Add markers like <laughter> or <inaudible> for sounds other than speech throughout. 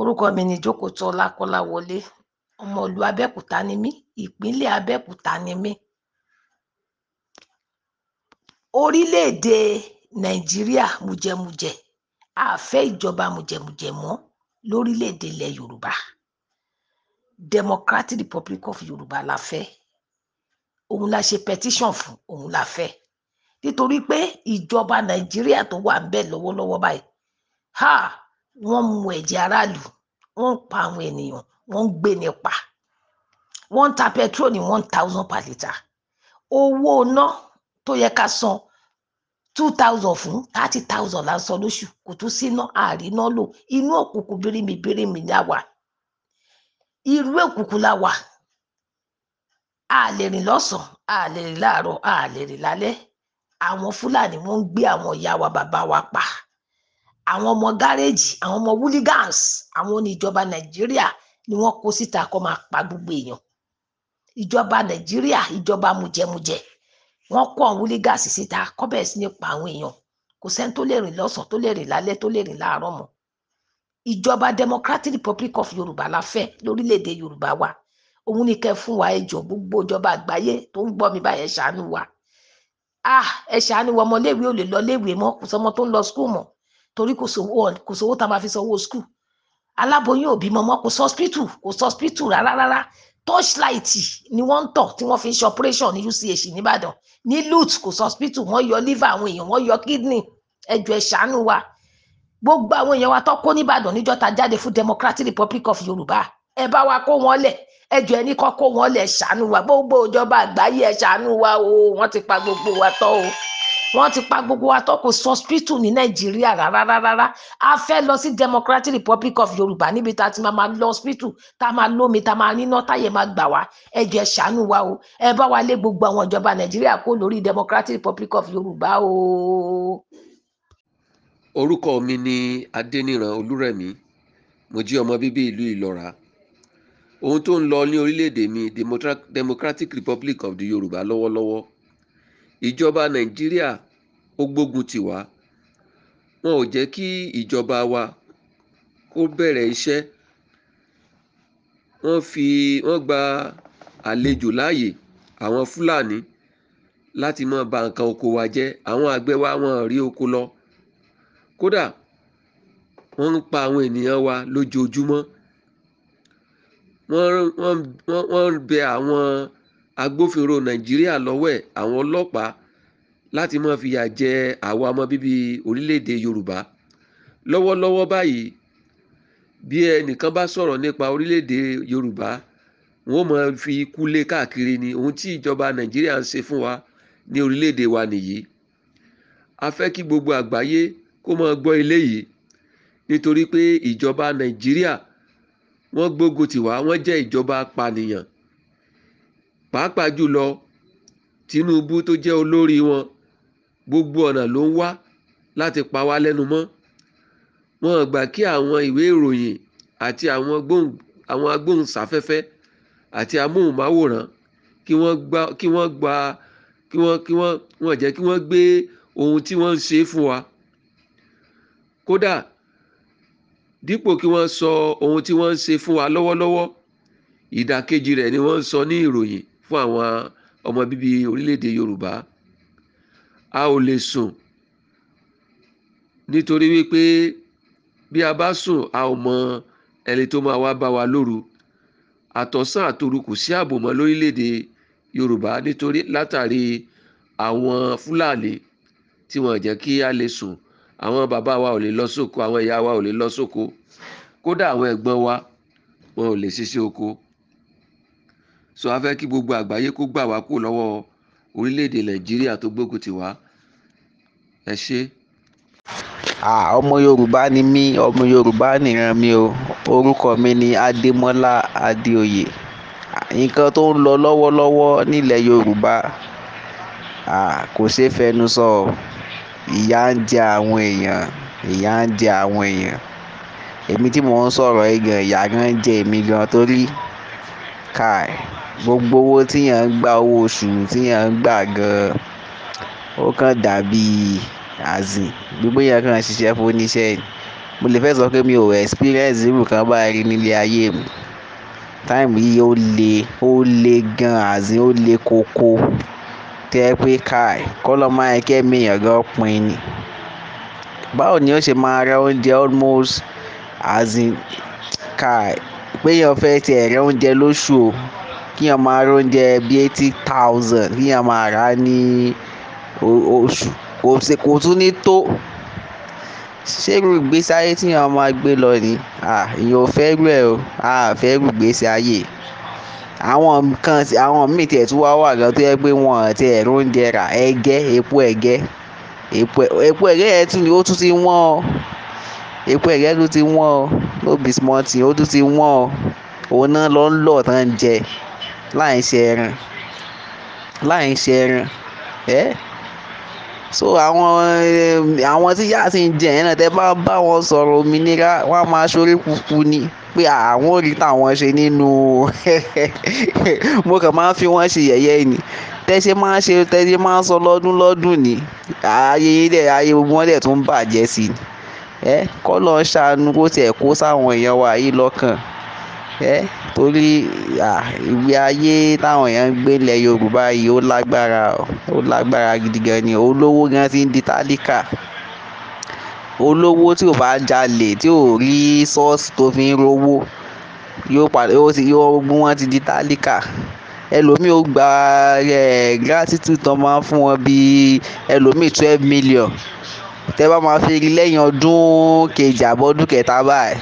orúkọ mi ni jókòtọ́lá kọ́láwọlé ọmọ ìlú abẹ́òkúta ni mí ìpínlẹ̀ abẹ́òkúta ni mí orílẹ̀-èdè nàìjíríà mùjẹmùjẹ a fẹ́ ìjọba mùjẹmùjẹ mọ́ lórílẹ̀-èdè ilẹ̀ yorùbá democratic republic of yorùbá la fẹ́ òun la ṣe petition fún òun la fẹ́ nítorí pé ìjọba nàìjíríà tó wà ń bẹ lọ́wọ́lọ́wọ́ báyìí ha wọ́n mu ẹ̀jẹ̀ aráàlú wọ́n ń pa àwọn ènìyàn wọ́n ń gbé nípa wọ́n ń ta petrol ní one thousand per litre owó ná tó yẹ ká san two thousand fún thirty thousand la san lóṣù kò tún síná àríná lò inú òkùnkùn bírími bírími la wà irú òkùnkùn la wà a lè rìn lọ́sàn-án a lè rìn láàárọ̀ a lè rìn lálẹ́ àwọn fúlàní wọ́n ń gbé àwọn ìyá wa bàbá wa pa àwọn ọmọ gáréèjì àwọn ọmọ wooligans àwọn oníjọba nàìjíríà ni wọ́n kó síta kó máa pa gbogbo èèyàn ìjọba nàìjíríà ìjọba mujẹmujẹ wọ́n kó àwọn wooligans síta kó bẹ̀rẹ̀ sí ní pa àwọn èèyàn kò sẹ́ni tó lè rìn lọ́sàn-án tó lè rìn lálẹ́ tó lè rìn láàárọ̀ mọ́ ìjọba democratic republic of yorùbá la fẹ́ lórílẹ̀ yorùbá wa òun ni kẹ́ fún wa ẹjọ́ gbogbo ìjọba àgbáyé tó ń gbọ́ mi báyẹn ṣàánú wa ah ẹ ṣàánú wa ọmọléèwé ò lè lọ léèwé mọ́ kò sọmọ tó ń lọ skul mọ́ torí kò sówó tá a máa fi sanwó skul aláboyún òbí mọmọ kò sọspítù kò sọspítù rárá rárá torchlight ni wọ́n ń tọ̀ tí wọ́n fi ń ṣe operation ní UCH nìbàdàn ní lut kò sọspítù wọ́n yọ liver àwọn èèyàn wọ́n yọ kidney ẹjọ́ ẹ ṣàánú wa gbogbo àwọn èèyàn wa tó kó nìbàdàn níjọ́ ta jáde fún Democratic Republic of Yorùbá ẹ bá wa kó wọn lẹ̀ ẹjọ́ ẹ ní kọ kó wọn lẹ̀ ṣàánú wa gbogbo ìjọba àgbáyé ẹ ṣàánú wa o wọ́n ti pa gbogbo wa tọ́ o wọ́n ti pa gbogbo wa tọ́kù sọ́spítù ní nàìjíríà rárárárá a fẹ́ lọ sí democratic republic of yorùbá níbi tá a ti máa lọ hospital tá a máa lómi tá a máa níná táyẹ̀ máa gbà wá ẹ ṣàánú wa o ẹ bá wa lé gbogbo àwọn ìjọba nàìjíríà kó lórí democratic republic of yorùbá o. orúkọ mi ni adẹniran olúrẹ̀mí mo jí ọmọ bíbí ìlú ìlọra ohun tó ń lọ ní orílẹ̀-èdè mi democratic republic of the yorùbá lọ́wọ́lọ́wọ́ ìjọba nàìjíríà ó gbógun tì wá wọn ò jẹ́ kí ìjọba wa kó bẹ̀rẹ̀ iṣẹ́ wọ́n fi wọ́n gba àlejò láàyè àwọn fúlàní láti máa ba nǹkan oko wa jẹ́ àwọn àgbẹ̀ wa wọn rí oko lọ kódà wọ́n ń pa àwọn ènìyàn wa lójoojúmọ́ wọ́n wọ́n bẹ àwọn agbófinró nàìjíríà lọ́wẹ̀ àwọn ọlọ́pàá láti máa fìyà jẹ àwọn ọmọ bíbí orílẹ̀-èdè Yorùbá lọ́wọ́lọ́wọ́ báyìí bí ẹnìkan bá sọ̀rọ̀ nípa orílẹ̀-èdè Yorùbá wọ́n máa fi ikú lé káàkiri ni ohun tí ìjọba Nàìjíríà ń ṣe fún wa ní orílẹ̀-èdè wa nìyí a fẹ́ kí gbogbo àgbáyé kó máa gbọ́ eléyìí nítorí pé ìjọba Nàìjíríà wọ́n gbógun tiwa wọ́n jẹ́ ìjọba apànìyàn pàápàá jùlọ Tinubu tó jẹ́ olórí wọn gbogbo ọ̀nà ló ń wá láti pa wá lẹ́nu mọ́ wọn gbà kí àwọn ìwé ìròyìn àti àwọn agbóhùnsáfẹ́fẹ́ àti amóhùnmáwòrán kí wọ́n gba kí wọ́n gba kí wọ́n kí wọ́n wọ́n jẹ́ kí wọ́n gbé ohun tí wọ́n ń ṣe fún wa kódà dípò kí wọ́n sọ ohun tí wọ́n ń ṣe fún wa lọ́wọ́lọ́wọ́ ìdàkejì rẹ̀ ni wọ́n ń sọ ní ìròyìn fún àwọn ọmọ bíbí orílẹ̀-èdè Yorùbá a ò lè sùn nítorí wípé bí a bá sùn a ò mọ ẹni tó máa wá bá wa lóru àtọ̀sán àtòru kò sí ààbò mọ́ lórílẹ̀‐èdè Yorùbá nítorí látàrí àwọn Fúlàní tí wọ́n jẹ́ kí a lè sùn àwọn bàbá wa ò lè lọ sóko àwọn ìyá wa ò lè lọ sóko kódà àwọn ẹ̀gbọ́n wa wọn ò lè ṣiṣẹ́ oko so a fẹ́ kí gbogbo àgbáyé kó gbà wá kó lọ́wọ́ orílẹ̀-èdè Nàìjíríà tó gbógun tì wá ẹ ṣé. Ah, ọmọ yorùbá ni mí ọmọ yorùbá nìran mi o orúkọ mi ni adémọlá adéoyè nǹkan tó ń lọ lọ́wọ́lọ́wọ́ nílẹ̀ yorùbá ah, kò ṣeé fẹnu sọ o ìyà ń jẹ àwọn èèyàn ìyà ń jẹ àwọn èèyàn èmi tí mò ń sọ̀rọ̀ igan ìyà gan jẹ èmi gan torí káì gbogbo owó tíyàn ń gbà owó oṣù tíyàn ń gbà gan ó kàn dàbí àsìn bí pé èèyàn kàn ń ṣiṣẹ́ fún oníṣẹ́ ni mo lè fẹ́ sọ pé mi ò experience irú kan báyìí rí nílé ayé mi táìmù yìí ó le ó le gan àsìn ó le koko tẹ́ pé káì kọ́lọ́ máa ń kẹ́mi èèyàn gan pin ni báwo ni ó ṣe máa rẹ oúnjẹ almost àsìn káì pé èèyàn fẹ́ tiẹ̀ rẹ oúnjẹ lóṣù o kíyàn máa rẹ oúnjẹ bíi eighty thousand kíyàn máa rà á ní oṣù kò ṣe kò tún ní tó ṣé irú ìgbésí ayé tí èèyàn máa gbé lọ ni èèyàn ò fẹ́ rú ẹ̀ o a fẹ́ rú ìgbésí ayé àwọn nǹkan àwọn míì tiẹ̀ tún wá wà gan tó yẹ pé wọn ti ẹ̀rọ oúnjẹ rà ẹ̀gẹ́ epo ẹ̀gẹ́ epo ẹ̀gẹ́ yẹn tún ni ó tún ti wọ́n o epo ẹ̀gẹ́ tún ti wọ́n o no be small thing ó tún ti wọ́n o òun náà lọ ń lọ̀ tán jẹ láì ṣe ẹran láì ṣe ẹran ẹ́. Eh? so àwọn eh, àwọn tí yáà sì ń jẹ ẹ̀ náà tẹ́ bá bá wọn sọ̀rọ̀ òmìnira wọ́n á máa ṣorí kúkú ni pé àwọn ò rí tàwọn ṣe nínú <laughs> mo kàn máa ń fi wọ́n ṣe yẹ̀yẹ́ ni tẹ́ṣe máa ń ṣe tẹ́ṣe máa ń sọ lọ́dún lọ́dún ni ààyè ilẹ̀ ààyè gbogbo wọn dẹ̀ tún bàjẹ́ sí i ẹ kọ́ lọ́ọ́ ṣàánú kó tiẹ̀ kó sáwọn èèyàn wa yìí lọ́kàn torí ìgbé ayé táwọn èèyàn ń gbé ilẹ̀ Yorùbá yìí ó lágbára ó lágbára gidi gan ni olówó gan ti ń di tálíkà olówó tí ò bá jalè tí ò rí sọ́ọ̀sì tó fi ń rówó yóò padà ti di tálíkà ẹlòmíì ó gba ẹ gratitude tó máa ń fún wọn bíi ẹlòmíì twelve million tẹ́ bá máa fi rí lẹ́yìn ọdún kejì àbọ̀dún kẹta báyìí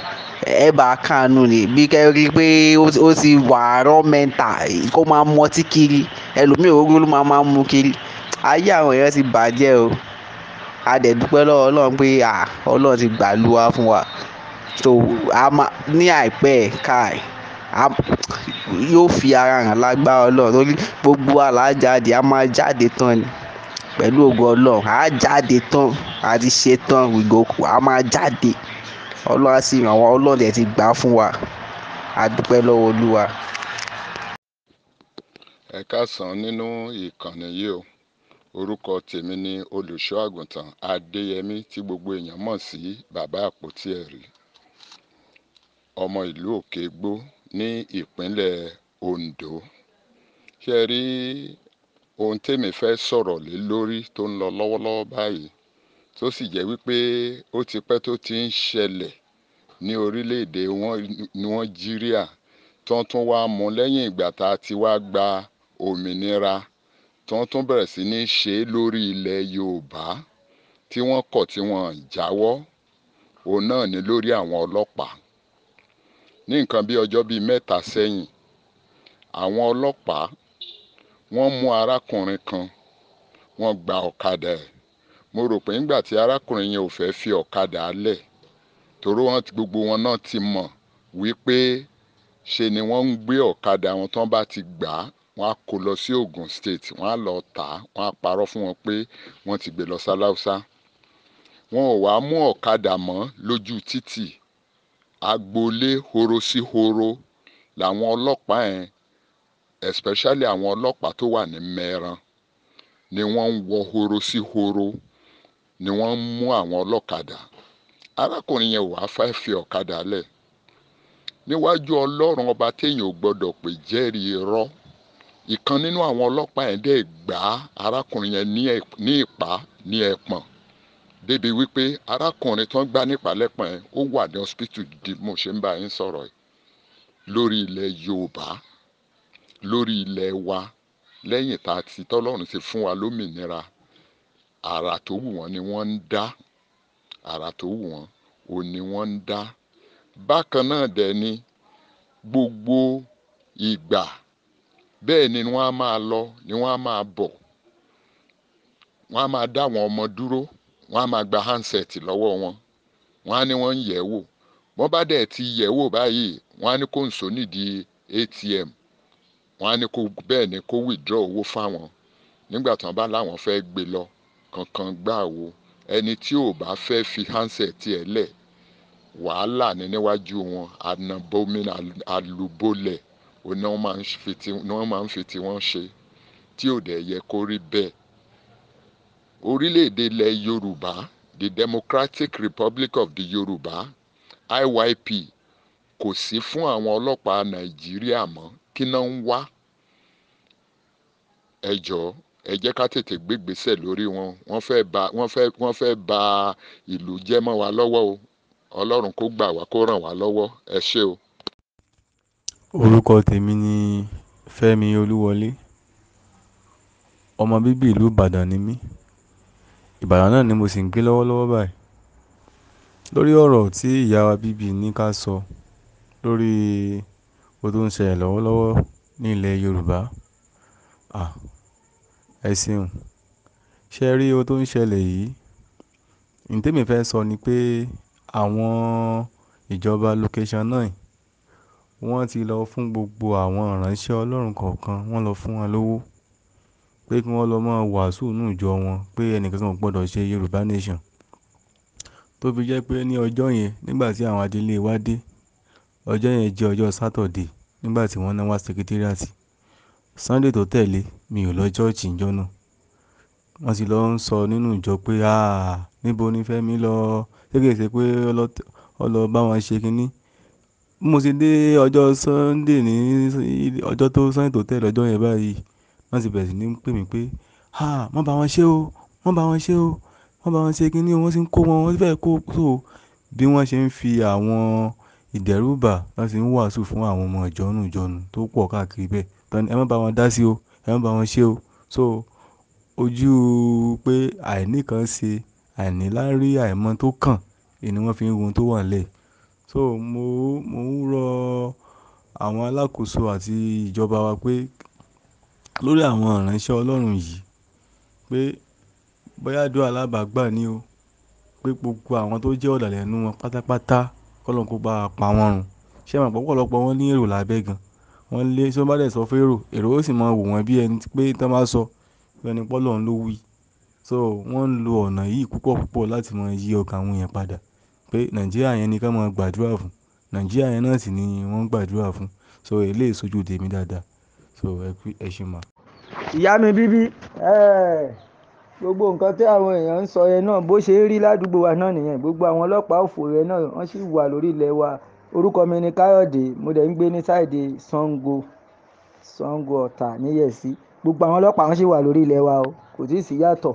ẹ bá a kànú ni bí kẹ́ rí i pé ó ti wà rọ́ mẹ́ta kó máa mu ọtí kiri ẹlòmíì òru ló máa máa kiri ayé àwọn èèyàn ti bàjẹ́ o adẹ̀dúpẹ́ lọ́wọ́ ọlọ́run pé à ọlọ́run ti gbàlúwa fún wa so ní àìpẹ́ káì yóò fi ara hàn lágbára ọlọ́run torí gbogbo àlájáde a máa jáde tán ni pẹ̀lú ògo ọlọ́run a jáde tán a ti ṣe tán ìgòkù a máa jáde ọlọ́run á sì ràn wá ọlọ́run dẹ̀ ti gbà fún wa a dúpẹ́ lọ́wọ́ olúwa. ẹ káàsán nínú ìkànnì yìí o orúkọ tèmi ni olùṣọ́ àgùntàn adéyẹmí tí gbogbo èèyàn mọ̀ sí bàbá àpótí ẹ̀rí ọmọ ìlú òkègbó ní ìpínlẹ̀ ondo ṣe rí ohun tèmi fẹ́ sọ̀rọ̀ lé lórí tó ń lọ lọ́wọ́lọ́wọ́ báyìí tó sì jẹ́ wípé ó ti pẹ́ tó ti ń ṣẹlẹ̀ ní orílẹ̀-èdè Nàìjíríà tán tún wá mú lẹ́yìn ìgbà tá a ti wá gba òmìnira tán tún bẹ̀rẹ̀ sí ní ṣe lórí ilẹ̀ Yorùbá tí wọ́n kọ̀ tí wọ́n jáwọ́ òun náà ni lórí àwọn ọlọ́pàá ní nǹkan bí ọjọ́ bíi mẹ́ta sẹ́yìn àwọn ọlọ́pàá wọ́n mú arákùnrin kan wọ́n gba ọ̀kadà ẹ̀ mo rò pé ńgbà tí arákùnrin yẹn ò fẹ́ fi ọ̀kadà lẹ̀ torí wọn gbogbo wọn náà ti mọ̀ wípé ṣe ni wọ́n ń gbé ọ̀kadà wọn tán bá ti gbà á wọ́n á kó lọ sí Ogun State wọ́n á lọ tà á wọ́n á parọ́ fún wọn pé wọ́n ti gbé lọ sáláùsá wọn ò wá mú ọ̀kadà mọ́ lójú títì agboolé horo sí horo làwọn ọlọ́pàá yẹn especially àwọn ọlọ́pàá tó wà ní mẹ́ran ni wọ́n ń wọ horo sí horo ni wọ́n ń mú àwọn ọlọ́kadà arákùnrin yẹn wàá fẹ́ fi ọ̀kadà lẹ̀ níwájú ọlọ́run ọba téèyàn ò gbọ́dọ̀ pé jẹ́rìí irọ́ ìkan nínú àwọn ọlọ́pàá yẹn dẹ́ gbá arákùnrin yẹn ní ìpá ní ẹ̀pọ̀n débi wípé arákùnrin tó ń gbá nípa lẹ́pọ̀n yẹn ó wà ní hospital di mo ṣe ń bá yín sọ̀rọ̀ yìí lórí ilẹ̀ yorùbá lórí ilẹ̀ wa lẹ́yìn tá a ti tọ́lọ́run ti fún wa lómìnira àrà tó wù wọ́n ni wọ́n ń dá àrà tó wù wọ́n ò ní wọ́n ń dá bákan náà dẹ̀ ni gbogbo ìgbà bẹ́ẹ̀ ni wọ́n á máa lọ ni wọ́n á máa bọ̀ wọ́n á máa dá àwọn ọmọ dúró wọ́n á máa gba handset lọ́wọ́ wọn wọ́n á ní wọ́n ń yẹ̀ wò wọ́n bá dẹ̀ ti yẹ̀ wò báyìí wọ́n á ní kó nso nídìí ATM wọ́n á ní kó bẹ́ẹ̀ ni kó withdraw owó fáwọn nígbà tí wọ́n bá láwọn fẹ́ gbé lọ kankan gbà wo ẹni tí ò bá fẹ́ fi handset tiẹ̀ lẹ̀ wàhálà ní níwájú wọn anabomin alubolẹ̀ ni wọ́n máa ń fi tiwọn ṣe tí ò dẹ̀ yẹ kó rí bẹ́ẹ̀. Orílẹ̀-èdè ilẹ̀ Yorùbá The Democratic Republic of the Yorùbá IYP kò sí fún àwọn ọlọ́pàá Nàìjíríà mọ́ kí náà ń wá ẹjọ́ ẹ jẹ́ ká tètè gbégbésẹ̀ lórí wọn wọ́n fẹ́ ba wọ́n fẹ́ wọ́n fẹ́ ba ìlú jẹ́ mọ́ wa lọ́wọ́ o ọlọ́run kó gbà wá kó ràn wá lọ́wọ́ ẹ ṣé o. orúkọ tèmi ni Fẹ́mi Olúwọlé ọmọ bíbí ìlú Ìbàdàn ni mí Ìbàdàn náà ni mo sì ń gbé lọ́wọ́lọ́wọ́ báyìí lórí ọ̀rọ̀ tí ìyá wa bíbí ní ká sọ lórí ohun tó ń ṣẹlẹ̀ lọ́wọ́lọ́wọ́ ní ilẹ̀ Yorùbá Ẹ ṣeun. Ṣé ẹ rí ohun tó ń ṣẹlẹ̀ yìí? Ohun tí èmi fẹ́ sọ ni pé àwọn ìjọba location nine, wọ́n ti lọ fún gbogbo àwọn ìránṣẹ́ Ọlọ́run kọ̀ọ̀kan, wọ́n lọ fún wọn lówó pé kí wọ́n lọ máa wàásù nínú ìjọ wọn pé ẹnìkankan ò gbọdọ̀ ṣe Yorùbá nation. Tó fi jẹ́ pé ní ọjọ́ yẹn, nígbà tí àwọn adélé wa dé, ọjọ́ yẹn jẹ́ ọjọ́ Saturday nígbà tí wọ́n ná wa Sunday tó tẹ̀lé, mi ò lọ church níjọ́ náà. Wọ́n sì lọ ń sọ nínú ìjọ pé, "àh! Níbo ni Fẹ́mi lọ?" Sé kì í ṣe pé ó lọ bá wọn ṣe kiní. Bí mo ṣe dé ọjọ́ Sunday ní ọjọ́ tó Sunday tó tẹ̀lé ọjọ́ yẹn báyìí, wọ́n sì bẹ̀rẹ̀ sí ní pè mí pé, "àh! bá wọn ṣe o. Má bá wọn ṣe o. Má bá wọn ṣe kiní o. Wọ́n sì ń kó wọn, wọ́n sì fẹ́ kó so." Bí wọ́n ṣe ń fi àwọn ìdẹ́rùbà, wọ́n sì ń wàásù fún àwọn ọmọ ìjọ nù tó pọ̀ káàkiri bẹ́ẹ̀. Tán "Ẹ má bá wọn dá sí o ẹ má bá wọn ṣe o. So ojú pé àìní kan ṣe àìní lárí àìmọ̀ tó kàn, ni wọ́n fi ń wo ohun tó wà nílẹ̀. So mo, mo ń rọ àwọn alákòóso àti ìjọba wa pé lórí àwọn ìránṣẹ́ Ọlọ́run yìí pé bóyá àdúrà lá bà gbà ni o, pé gbogbo àwọn tó jẹ́ ọ̀dàlẹ̀ nínú wọn pátápátá kọ́ lọ́hun kó bá wa pa wọ́n run. Ṣé ẹ mọ̀ pé wọn ní èrò lábẹ́ gan wọ́n lé tí wọ́n bá dẹ̀ sọ fèrò èrò ó sì máa wò wọ́n bí ẹni pé tí wọ́n bá sọ bí ẹni pé Ọlọ́run ló wí so wọ́n ń lo ọ̀nà yìí púpọ̀ púpọ̀ láti máa yí ọkàn àwọn èèyàn padà pé Nàìjíríà yẹn ni ká máa gbàdúrà fún Nàìjíríà yẹn náà sì ni wọ́n ń gbàdúrà fún so eléyìí sójú tèmi dáadáa so ẹ ṣe mà. ìyá mi bíbí gbogbo nǹkan tí àwọn èèyàn ń sọ yẹn náà bó ṣe ń rí ládùúgbò wa náà nìyẹn gbogbo àwọn ọlọ́pàá òfò yẹn náà wọ́n sì wà lórí ilẹ̀ wa orúkọ mi ni káyọ̀dé mo dẹ̀ ń gbé ní sáìdì sango sango ọ̀tà níyẹ̀sí gbogbo àwọn ọlọ́pàá wọn sì wà lórí ilẹ̀ wa o kò tí ì sí yàtọ̀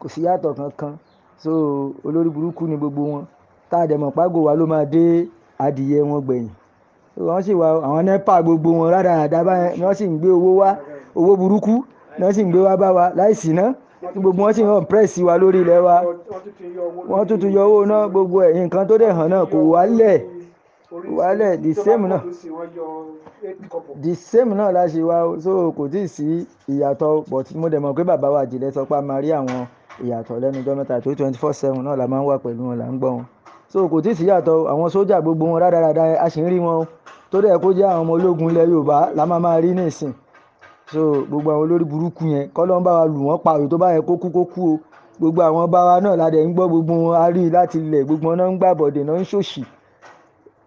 kò sí yàtọ̀ kankan so olórí burúkú ni gbogbo wọn tá a dẹ̀ mọ̀ wa ló máa dé adìyẹ wọn gbẹ̀yìn wọ́n sì wá àwọn nepa gbogbo wọn rárá àdábá ni wọ́n sì ń gbé owó wá owó burúkú ni wọ́n sì ń gbé wá bá wa láìsí ná gbogbo wọn sì hàn pírẹ́sì wa lórí ilẹ̀ wa wọ́n tún ti yọ owó náà gbogbo ẹ̀ nǹkan tó dẹ̀ hàn náà kò wálẹ̀ wàhálẹ̀ the same náà the same náà la ṣe wá so kò tí ì sí ìyàtọ̀ but mo dẹ̀ mọ̀ pé bàbá wa jìnlẹ̀ sọ pé a máa rí àwọn ìyàtọ̀ lẹ́nu ọjọ́ mẹ́ta tó twenty four seven náà la máa ń wà pẹ̀lú wọn là ń gbọ́ wọn so kò tí ì sí ìyàtọ̀ àwọn sójà gbogbo wọn rádaràda a sì ń rí wọn tó dẹ̀ kó jẹ́ àwọn ọmọ ológun ilẹ̀ Yorùbá la máa máa rí nísìn so gbogbo àwọn olórí burúkú yẹn kọ́lọ́n bá wa lù wọ́n pa òye tó bá yẹ kó kú kó kú o gbogbo àwọn bá wa náà la dẹ̀ ń gbọ́ gbogbo wọn a rí i láti ilẹ̀ gbogbo wọn náà ń gbàbọ̀dẹ̀ náà ń ṣòṣì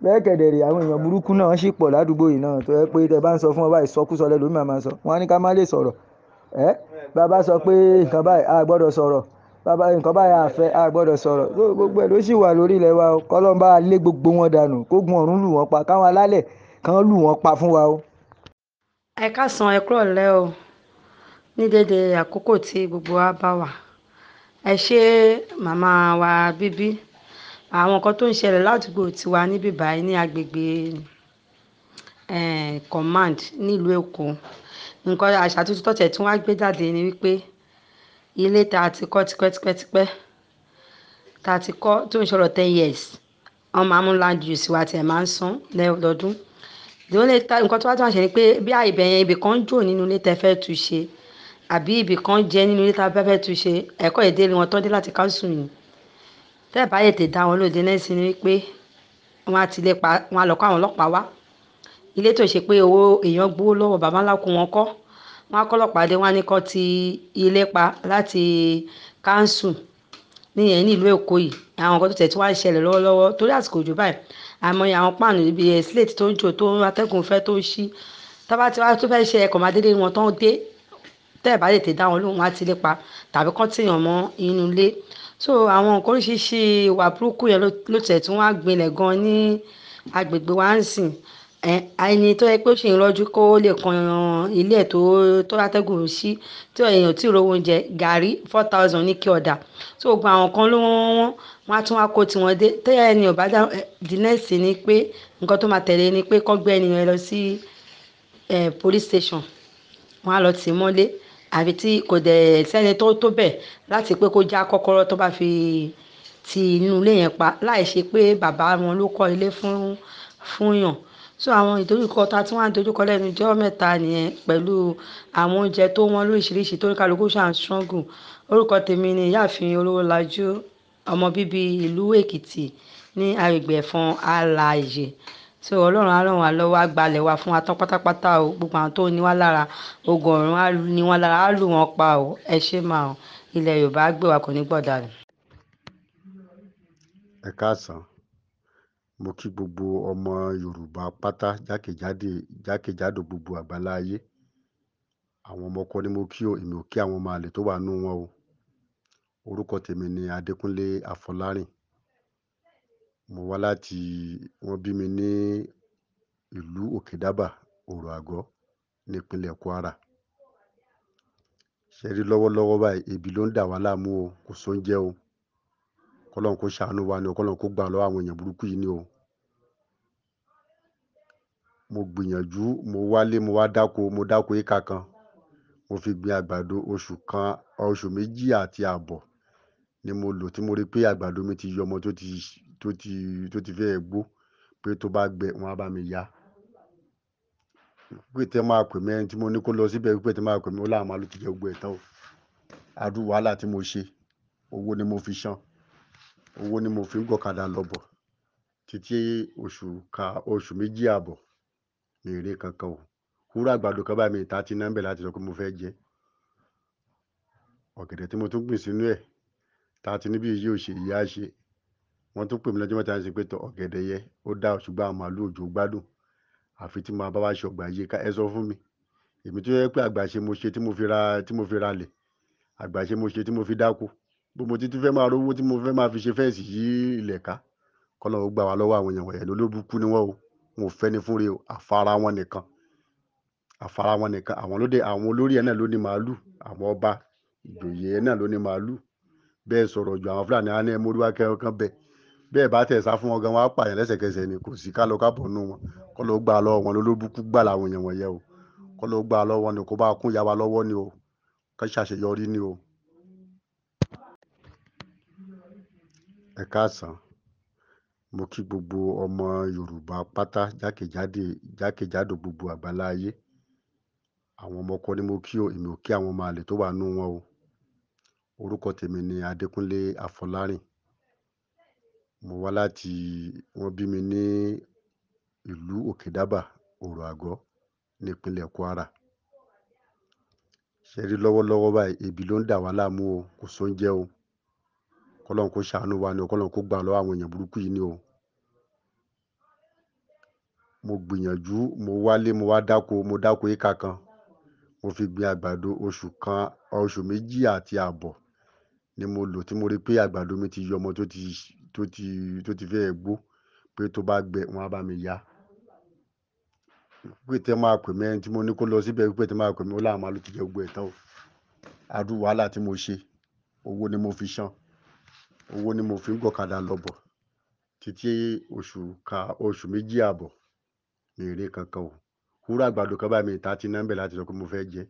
bẹ́ẹ̀ kẹ̀dẹ̀rẹ̀ àwọn èèyàn burúkú náà ṣì pọ̀ ládùúgbò yìí náà tó yẹ pé tẹ bá ń sọ fún ọba ìsọkúsọ lẹ́lòmí àmà sọ wọn á ní ká má lè sọ̀rọ̀ ẹ́ bàbá sọ pé nǹkan báyìí a gbọ́dọ̀ sọ̀rọ̀ bàbá nǹkan báyìí a fẹ́ a gbọ́dọ̀ sọ̀rọ̀ gbogbo ẹ̀ ló sì wà lórí ilẹ̀ wa kọ́lọ́mbà lé gbogbo wọn dànù kógun ọ̀run lù wọ́n pa káwọn alálẹ̀ kan lù wọ́n pa fún wa o. ẹ káàsán ẹ kúrò lẹ́ o ní dédé àkókò tí gbogbo wa bá wà ẹ ṣe màmá wa bíbí àwọn nǹkan tó ń ṣẹlẹ̀ ládùúgbò tiwa níbí báyìí ní agbègbè command nílùú èkó nǹkan àṣà tuntun tọ̀tẹ̀ tí wọ́n gbé jáde ni wípé ilé tá a ti kọ́ tipẹ́tipẹ́tipẹ́ tá a ti kọ́ tó ń ṣọ̀rọ̀ ten years wọ́n máa ń mú land use wa tiẹ̀ máa ń san lọ́dún ìdíwọ́lé nǹkan tó wá tó wá ṣe ni pé bí àìbẹ̀ yẹn ibì kan jò nínú ilé tẹ́ fẹ́ tu ṣe àbí ibì kan jẹ́ nínú ilé tá a fẹ́ fẹ́ tu ṣe ẹ̀kọ́ ìdílé wọn tọ́ dé láti káńsù yìí tẹ́ ẹ̀ bá tètè dá wọn lóde náà sí ni wípé wọ́n á ti lè pa wọ́n á lọ kó àwọn ọlọ́pàá wá ilé tó ṣe pé owó èèyàn gbówó lọ́wọ́ bàbá ńlá kó wọn kọ́ wọ́n á kọ́lọ́pàá dé wọ́n á ní kọ́ ti ilé pa láti káńsù níyẹn ní ìlú èkó yìí àwọn nǹkan tó tẹ̀ tí wọ́n á ṣẹlẹ̀ lọ́wọ́lọ́wọ́ torí àsìkò òjò báyìí àmọye àwọn páànù ibi ẹ̀ tó ń jò tó ń atẹ́gùn fẹ́ tó ń ṣí tábà tí wọ́n tó fẹ́ ṣe ẹ̀kọ́ máa dédé wọn tán dé tẹ́ ẹ̀ bá lè tẹ̀ dá wọn lóhùn á ti lé pa tàbí kán tèèyàn mọ́ inú ilé so àwọn nǹkan oríṣiríṣi ìwà burúkú yẹn ló tẹ̀ tí wọ́n á gbilẹ̀ gan ní agbègbè wa ń sìn ẹni tó yẹ pé ó ṣì ń rọ́jú kó lè kan ilé ẹ̀ tó tó látẹ́gùn sí tí èèyàn tí ìrówó oúnjẹ gàrí four thousand ní kí ọ̀dà tó gba àwọn kan ló wọ́n wọ́n wọ́n á tún wá kó tiwọn dé tẹ́yà ẹni ò bá dá the next ni pé nǹkan tó máa tẹ̀lé ni pé kó gbé ẹni lọ sí police station wọ́n á lọ tì í mọ́lé àfi tí kò dẹ̀ sẹ́ni tó tó bẹ̀ láti pé kó já kọ́kọ́rọ́ tó bá fi ti inú ilé yẹn pa láì ṣe pé bàbá wọn ló kọ́ ilé fún fún yàn so àwọn ìdojúkọ ta tí wọ́n á dojúkọ lẹ́nu jọ́ mẹ́ta nìyẹn pẹ̀lú àwọn oúnjẹ tó wọ́n lóríṣiríṣi tó ní kálukú ṣáà ń ṣọ́ngù orúkọ tèmi ni ìyáàfin olówólájú ọmọ bíbí ìlú èkìtì ní agbègbè ẹ̀fọn alààyè so ọlọ́run á ràn wá lọ́wọ́ á gbalẹ̀ wá fún wa tán pátápátá o gbogbo àwọn tó ní wá lára ogun ọ̀run á ní wá lára á lù wọ́n pa o ẹ ṣe máa o ilẹ̀ yorùbá á gbé wa kò ní gbọ̀dà rẹ̀. ẹ káàsán mo kí gbogbo ọmọ yorùbá pátá jákèjádò gbogbo àgbálá ayé àwọn ọmọ ọkọ ni mo kí o èmi ò kí àwọn ọmọ àlè tó wà nù wọn o orúkọ tèmi ni adékúnlé afọlárìn mo wá láti wọ́n bí mi ní ìlú òkèdábà òrò àgọ́ nípínlẹ̀ kwara ṣe rí lọ́wọ́lọ́wọ́ báyìí ebi ló ń dà wá láàmú o kò sóúnjẹ o kọ́lọ́n kó ṣàánú wa ni o kọ́lọ́n kó gbà lọ́wọ́ àwọn èèyàn burúkú yìí ni o mo gbìyànjú mo wálé mo wá dáko mo dáko éka kan mo fi gbin àgbàdo oṣù kan oṣù méjì àti ààbọ̀ ni mo lò tí mo rí pé àgbàdo mi ti yọmọ tó ti tó ti tó ti fẹ́ gbó pé tó bá gbẹ wọn á bá mi ya pé tẹ máa pè mí ẹni tí mo ní kó lọ síbẹ̀ pé tẹ máa pè mí ó láàmú ló ti jẹ́ gbogbo ẹ̀ tán o adú wàhálà tí mo ṣe owó ni mo fi san owó ni mo fi ń gọ̀kadà lọ́bọ̀ títí oṣù ka oṣù méjì àbọ̀ ní èrè kankan o kúrò àgbàdo kan báyìí mi ìta ti ná ń bẹ̀ láti sọ pé mo fẹ́ jẹ ọ̀gẹ̀dẹ̀ tí mo tún gbìn sínú ẹ̀ ta ti níbi yìí ò ṣe ìyá ṣe wọ́n tún pè mí lọ́jọ́ mẹ́ta ṣe pé tọ ọ̀gẹ̀dẹ̀ yẹ ó dá ṣùgbọ́n àwọn màálù òjò gbádùn àfi tí màá bá wá ṣe ọgbà yìí ká ẹ sọ fún mi èmi tó yẹ pé àgbàṣe mo ṣe tí mo fi ra tí mo fi ra lẹ̀ àgbàṣe mo ṣe tí mo fi dáko bó mo ti tún fẹ́ máa rówó tí mo fẹ́ máa fi ṣe fẹ́ẹ̀sì yí ilẹ̀ ká kọ́lọ́ ó gbà wá lọ́wọ́ àwọn èèyàn wọ̀nyẹn lólóbùkún ni wọ́n o wọn ò ni fúnre o àfara wọn nìkan àfara wọn nìkan àwọn lóde àwọn olórí ẹ̀ náà ló ní màálù àwọn ọba ìjòyè ẹ̀ náà ló ní màálù bẹ́ẹ̀ sọ̀rọ̀ ju àwọn fúlàní àná ẹ̀ mórí wákẹ́ ọkàn bẹ́ẹ̀ bẹ́ẹ̀ bá tẹ̀ sá fún wọn gan wá pààyàn lẹ́sẹ̀kẹsẹ̀ ni kò sí ká lọ kábọ̀ nù wọn kọ́ ló gbà lọ́wọ́ wọn lólóbùkú gbà làwọn èèyàn wọ̀nyẹn o kọ́ ló gbà lọ́wọ́ ni kó bá kún ìyá wa lọ́wọ́ ni o kọ́ ṣàṣeyọrí ni o. ẹ káàsán mo kí gbogbo ọmọ Yorùbá pátá jákèjádò gbogbo àgbálá àwọn ọmọ ọkọ ni mo kí o èmi ò kí àwọn ọmọ àlè tó wà nù wọn o orúkọ tèmi ni Adékúnlé Afọlárìn mo wá láti wọ́n bí mi ní ìlú òkèdábà òrò àgọ́ nípínlẹ̀ kwara ṣẹ́rí lọ́wọ́lọ́wọ́ báyìí ebi ló ń dà wá láàmú o kò sóúnjẹ o kọ́lọ́n kó ṣàánú wa ni o kọ́lọ́n kó gbà lọ́wọ́ àwọn èèyàn burúkú yìí ni o mo gbìyànjú mo wálé mo wá dáko mo dáko éka kan mo fi gbin àgbàdo oṣù kan oṣù méjì àti ààbọ̀ ni mo lò tí mo rí pé àgbàdo mi ti yọ ọmọ tó ti tó ti tó ti fẹ́ gbó pé tó bá gbẹ wọn á bá mi yá pé tẹ máa pè mí ẹni tí mo ní kó lọ síbẹ̀ pé tẹ máa pè mí ó láwọn máa ló ti jẹ gbogbo ẹ̀ tán o adú wàhálà tí mo ṣe owó ni mo fi ṣan owó ni mo fi ń gọ̀kadà lọ́bọ̀ títí oṣù ka oṣù méjì àbọ̀ ní èrè kankan o wúrà àgbàdo kan báyìí mi ìta ti nọ́mbẹ̀ láti sọ pé mo fẹ́ jẹ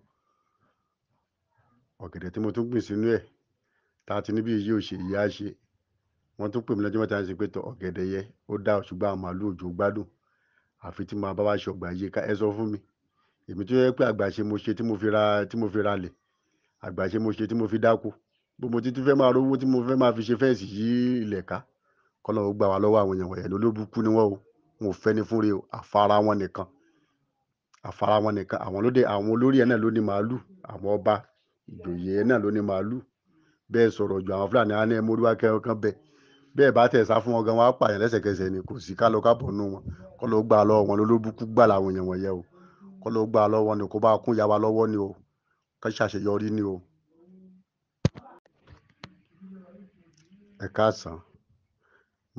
ọ̀gẹ̀dẹ̀ tí mo tún gbìn sínú ẹ̀ ta ti níbi yìí ò ṣe ìyá ṣe wọ́n tún pè mí lọ́jọ́ mẹ́ta sí pé tọ ọ̀gẹ̀dẹ̀ yẹ ó dá ṣùgbọ́n àwọn màálù òjò gbádùn àfi tí màá bá wá ṣe ọgbà yìí ẹ sọ fún mi èmi tó yẹ pé àgbàṣe mo ṣe tí mo fi ra tí mo fi ra lẹ̀ àgbàṣe mo ṣe tí mo fi dáko bó mo ti tún fẹ́ máa rówó tí mo fẹ́ máa fi ṣe fẹ́ẹ̀sì yí ilẹ̀ ká kọ́nà ó gbà wá lọ́wọ́ àwọn èèyàn wọ̀nyẹn lólóbùkú ni wọ́n o wọn ò fẹ́ni fúnre o àfara wọn nìkan àfara wọn nìkan àwọn lóde àwọn olórí ẹ̀ náà ló ní màálù àwọn ọba ìjòyè ẹ̀ náà ló ní màálù bẹ́ẹ̀ sọ̀rọ̀ ju àwọn fúlàní á ní ẹ mórí wá ọkàn bẹ́ẹ̀ bẹ́ẹ̀ bá tẹ̀ sá fún wọn gan wọn á pààyàn lẹ́sẹ̀kẹsẹ̀ ni kò sí kálọ́ kábọ̀ nù wọn kọ́ ló gbà lọ́wọ́ wọn lólóbùkú gbà làwọn èèyàn wọ̀nyẹ o kọ́ ló gbà lọ́wọ́ ni kó bá kún yàwá lọ́wọ́ ni o kọ́ ṣàṣeyọrí ni o. ẹ káàsán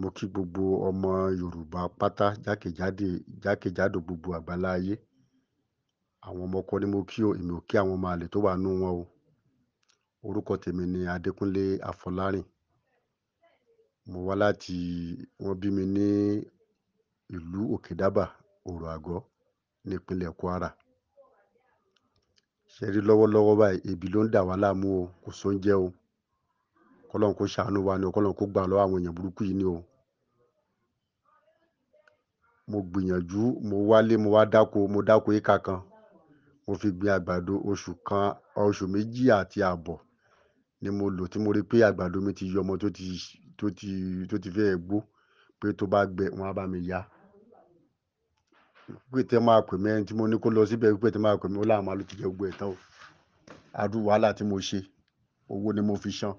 mo kí gbogbo ọmọ Yorùbá pátá jákèjádò jákèjádò gbogbo àgbálá ayé àwọn ọmọ ọkọ ni mo kí o èmi ò kí àwọn ọmọ àlè tó wà nù wọn o orúkọ tèmi ni Adékúnlé Afọlárìn mo wá láti wọ́n bí mi ní ìlú òkèdábà òrò àgọ́ ní ìpínlẹ̀ kwara ṣẹ́rí lọ́wọ́lọ́wọ́ báyìí ebi ló ń dà wá láàmú o kò sóúnjẹ o kọ́lọ́n kó ṣàánú wa ni o kọ́lọ́n kó gbà lọ́wọ́ àwọn èèyàn burúkú yìí ni o mo gbìyànjú mo wálé mo wá dáko mo dáko éka kan mo fi gbin àgbàdo oṣù kan oṣù méjì àti ààbọ̀ ni mo lò tí mo rí pé àgbàdo mi ti yọ ọmọ tó ti tó ti tó ti fẹ́ gbó pé tó bá gbẹ wọn á bá mi yá pé tẹ máa pè mí ẹni tí mo ní kó lọ síbẹ̀ pé tẹ máa pè mí ó láwọn máa ló ti jẹ gbogbo ẹ̀ tán o adú wàhálà tí mo ṣe owó ni mo fi san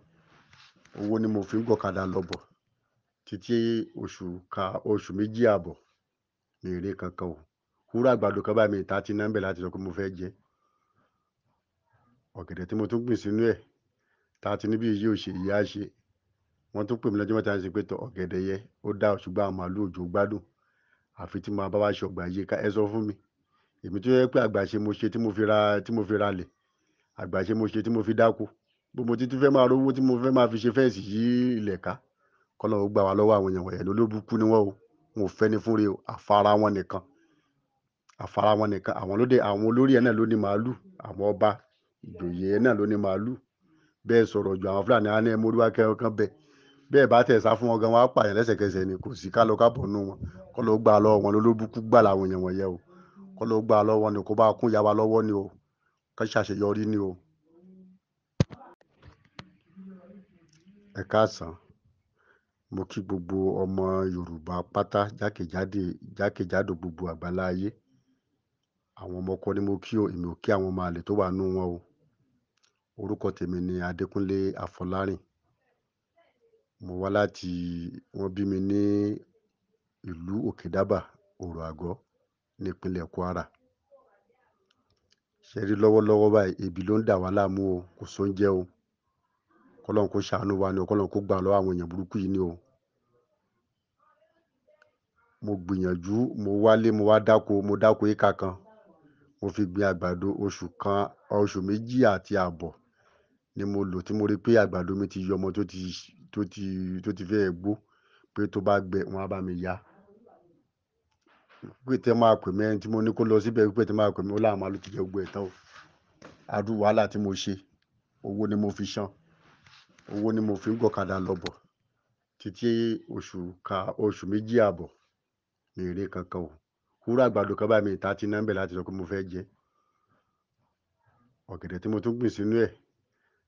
owó ni mo fi ń gọ̀kadà lọ́bọ̀ títí oṣù ka oṣù méjì àbọ̀ mi rí kankan o wúrà àgbàdo kan báyìí mi ìta ti náà ń bẹ̀ láti sọ pé mo fẹ́ jẹ ọ̀gẹ̀dẹ̀ tí mo tún gbìn sínú ẹ̀ ta ti níbi yìí ò ṣe ìyá ṣe wọ́n tún pè mí lọ́jọ́ mẹ́ta ṣe pé tọ ọ̀gẹ̀dẹ̀ yẹ ó dá ṣùgbọ́n àwọn màálù òjò gbádùn àfi tí màá bá wá ṣe ọgbà yìí ká ẹ sọ fún mi èmi tó yẹ pé àgbàṣe mo ṣe tí mo fi ra tí mo fi ra lẹ̀ àgbàṣe mo ṣe tí mo fi dáko bó mo ti tún fẹ́ máa rówó tí mo fẹ́ máa fi ṣe fẹ́ǹsì yí ilẹ̀ ká kọ́lọ́ ó gbà wá lọ́wọ́ àwọn èèyàn wọ̀nyẹn lólóbùkú ni wọ́n o wọn ò fẹ́ ni fúnre o àfara wọn nìkan àfara wọn nìkan àwọn lóde àwọn olórí ẹ̀ náà ló ní màálù àwọn ọba ìjòyè ẹ̀ náà ló ní màálù bẹ́ẹ̀ sọ̀rọ̀ ju àwọn fúlàní á ní ẹ mórí wá ọkàn bẹ́ẹ̀ bẹ́ẹ̀ bá tẹ̀ sá fún wọn gan wá pààyàn lẹ́sẹ̀kẹsẹ̀ ni kò sí ká lọ kábọ̀ nù wọn kọ́ ló gbà lọ́wọ́ wọn lólóbùkú gbà làwọn èèyàn wọ̀nyẹ o kọ́ ló gbà lọ́wọ́ ni kó bá kún yàwá lọ́wọ́ ni o kó ṣàṣeyọrí ni o. ẹ káàsán mo kí gbogbo ọmọ Yorùbá pátá jákèjádò gbogbo àgbálá ayé àwọn ọmọ ọkọ ni mo kí o èmi ò kí àwọn ọmọ àlè tó wà nù wọn o orúkọ tèmi ni Adékúnlé Afọlárìn mo wá láti wọ́n bí mi ní ìlú òkèdábà òrò àgọ́ nípínlẹ̀ kwara ṣe rí lọ́wọ́lọ́wọ́ báyìí ebi ló ń dà wá láàmú o kò sóúnjẹ o kọ́lọ́n kó ṣàánú wa ni o kọ́lọ́n kó gbà lọ́wọ́ àwọn èèyàn burúkú yìí ni o mo gbìyànjú mo wálé mo wá dáko mo dáko éka kan mo fi gbin àgbàdo oṣù kan oṣù méjì àti ààbọ̀ ni mo lò tí mo rí pé àgbàdo mi ti yọmọ tó ti tó ti tó ti fẹ́ gbó pé tó bá gbẹ wọn á bá mi ya pé tẹ máa pè mí ẹni tí mo ní kó lọ síbẹ̀ pé tẹ máa pè mí ó láwọn máa ló ti jẹ gbogbo ẹ̀ tán o adú wàhálà tí mo ṣe owó ni mo fi san owó ni mo fi ń gọ̀kadà lọ́bọ̀ títí oṣù ka oṣù méjì àbọ̀ ní èrè kankan o kúrò àgbàdo kan báyìí mi ti ná láti sọ pé mo fẹ́ jẹ ọ̀gẹ̀dẹ̀ tí mo tún gbìn sínú ẹ̀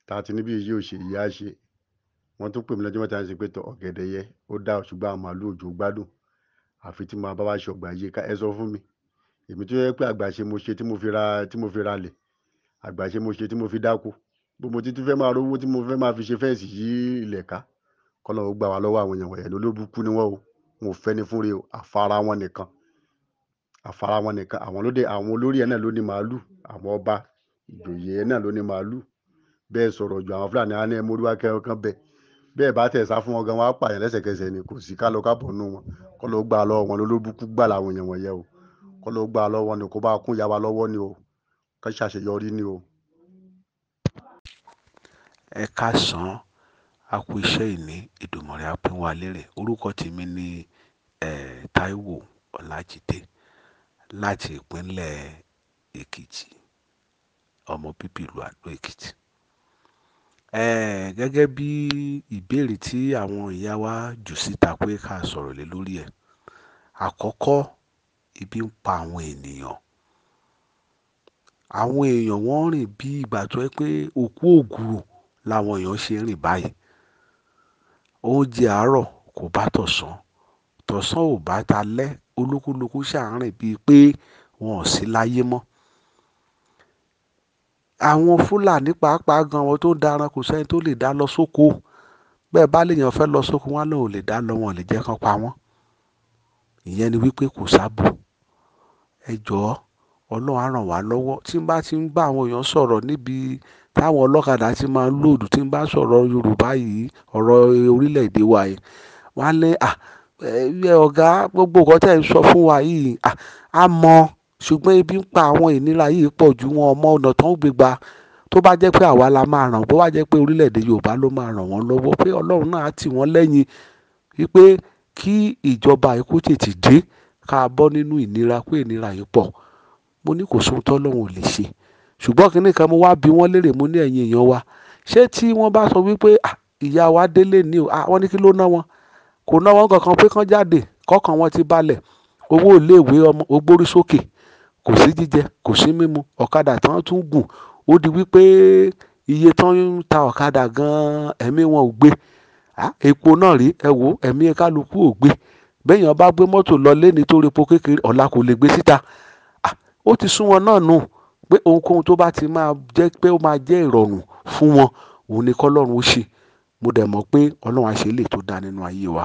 ta ti níbi yìí ò ṣe ìyá ṣe wọ́n tún pè mí lọ́jọ́ mẹ́ta ṣe pé tọ ọ̀gẹ̀dẹ̀ yẹ ó dá ṣùgbọ́n àwọn màálù òjò gbádùn àfi tí màá bá wá ṣe ọgbà yìí ká ẹ sọ fún mi èmi tó yẹ pé àgbàṣe mo ṣe tí mo fi ra tí mo fi ra lẹ̀ àgbàṣe mo ṣe tí mo fi dáko bó mo ti tún fẹ́ máa rówó tí mo fẹ́ máa fi ṣe fẹ́ẹ̀sì yí ilẹ̀ ká kọ́lọ́ ó gbà wá lọ́wọ́ àwọn èèyàn wọ̀nyẹn lólóbùkún ni wọ́n o wọn ò ni fúnre o àfara wọn nìkan àfara wọn nìkan àwọn lóde àwọn olórí ẹ̀ náà ló ní màálù àwọn ọba ìjòyè ẹ̀ náà ló ní màálù bẹ́ẹ̀ sọ̀rọ̀ ju àwọn fúlàní àná ẹ̀ mórí wákẹ́ ọkàn bẹ́ẹ̀ bẹ́ẹ̀ bá tẹ̀ sá fún wọn gan wá pààyàn lẹ́sẹ̀kẹsẹ̀ ni kò sí ká lọ kábọ̀ nù wọn kọ́ ló gbà lọ́wọ́ wọn lólóbùkú gbà làwọn èèyàn wọ̀nyẹn o kọ́ ló gbà lọ́wọ́ ni kó bá kún ìyá wa lọ́wọ́ ni o kọ́ ṣàṣeyọrí ni o. ẹ ká sàn á kú iṣẹ́ ìní ìdùnmọ̀rẹ́ apínwá lérè orúkọ tèmi ni Táíwò Ọlájídé láti ìpínlẹ̀ Èkìtì ọmọ bíbí ìlú Àdó Èkìtì um gẹ́gẹ́ bí ìbéèrè tí àwọn ìyá wa jù síta pé ká sọ̀rọ̀ lé lórí ẹ̀. Àkọ́kọ́, ebi ń pa àwọn ènìyàn. Àwọn èèyàn wọ́n rìn bí ìgbà tó jẹ́ pé òkú ògùrò làwọn èèyàn ṣe ń rìn báyìí. Oúnjẹ àárọ̀ kò bá tọ̀sán, tọ̀sán ò bá talẹ́, olúkúlùkù ṣà bíi pé wọn ò sí láyé mọ́ àwọn fúlàní pàápàá gan àwọn tó ń daran kò sẹ́ni tó lè dá lọ sóko bẹ́ẹ̀ bá lèèyàn fẹ́ lọ sóko wọn lòun lè dá lọ wọn lè jẹ́ kan pa wọ́n ìyẹn ni wípé kò sábò ẹ jọ̀ọ́ ọlọ́run á ràn wá lọ́wọ́ tí n bá ti ń bá àwọn èèyàn sọ̀rọ̀ níbi táwọn ọlọ́kadà ti máa ń lòdù tí n bá sọ̀rọ̀ yorùbá yìí ọ̀rọ̀ orílẹ̀-èdè wa yìí wọ́n á lẹ́ ọ̀gá gbogbo nǹkan tẹ̀ ń sọ fún wa yìí à á mọ̀ ṣùgbọ́n ebi ń pa àwọn ìnira yìí pọ̀ ju wọn ọmọ ọ̀nà tó ń gbé tó bá jẹ́ pé àwa la máa ràn bó bá jẹ́ pé orílẹ̀-èdè yorùbá ló máa ràn wọ́n lọ́wọ́ pé ọlọ́run náà á wọ́n lẹ́yìn wípé kí ìjọba yìí tètè dé ká bọ́ nínú ìnira pé ìnira yìí pọ̀ mo ní kò sóhun tọ́lọ́run ò lè ṣe ṣùgbọ́n kinní kan mo wá bi wọ́n léèrè mo ní ẹ̀yin èèyàn wa ṣé tí wọ́n bá sọ wípé ìyá wa délé ni o wọ́n ní kí ló ná wọn kò ná wọn kankan pé kán jáde kọ́kàn wọn ti balẹ̀ owó iléèwé ọmọ ó gbórí sókè kò sí jíjẹ kò sí mímu ọ̀kadà tí wọ́n tún gùn ó di wípé iye tí wọ́n ń ta ọ̀kadà gan-an ẹ̀mí wọn ò gbé epo náà rí ẹ wò ẹ̀mí kálukú ò gbé bẹ́ẹ̀yàn bá gbé mọ́tò lọ lẹ́ni tó repo kékeré ọ̀la kò lè gbé síta ó ti sún wọn náà nù pé ohunkóhun tó bá ti máa jẹ́ pé ó máa jẹ́ ìrọ̀rùn fún wọn òun ni kọ́lọ́run ó ṣe mo dẹ̀ mọ̀ pé ọlọ́run á lè tó dáa nínú ayé wa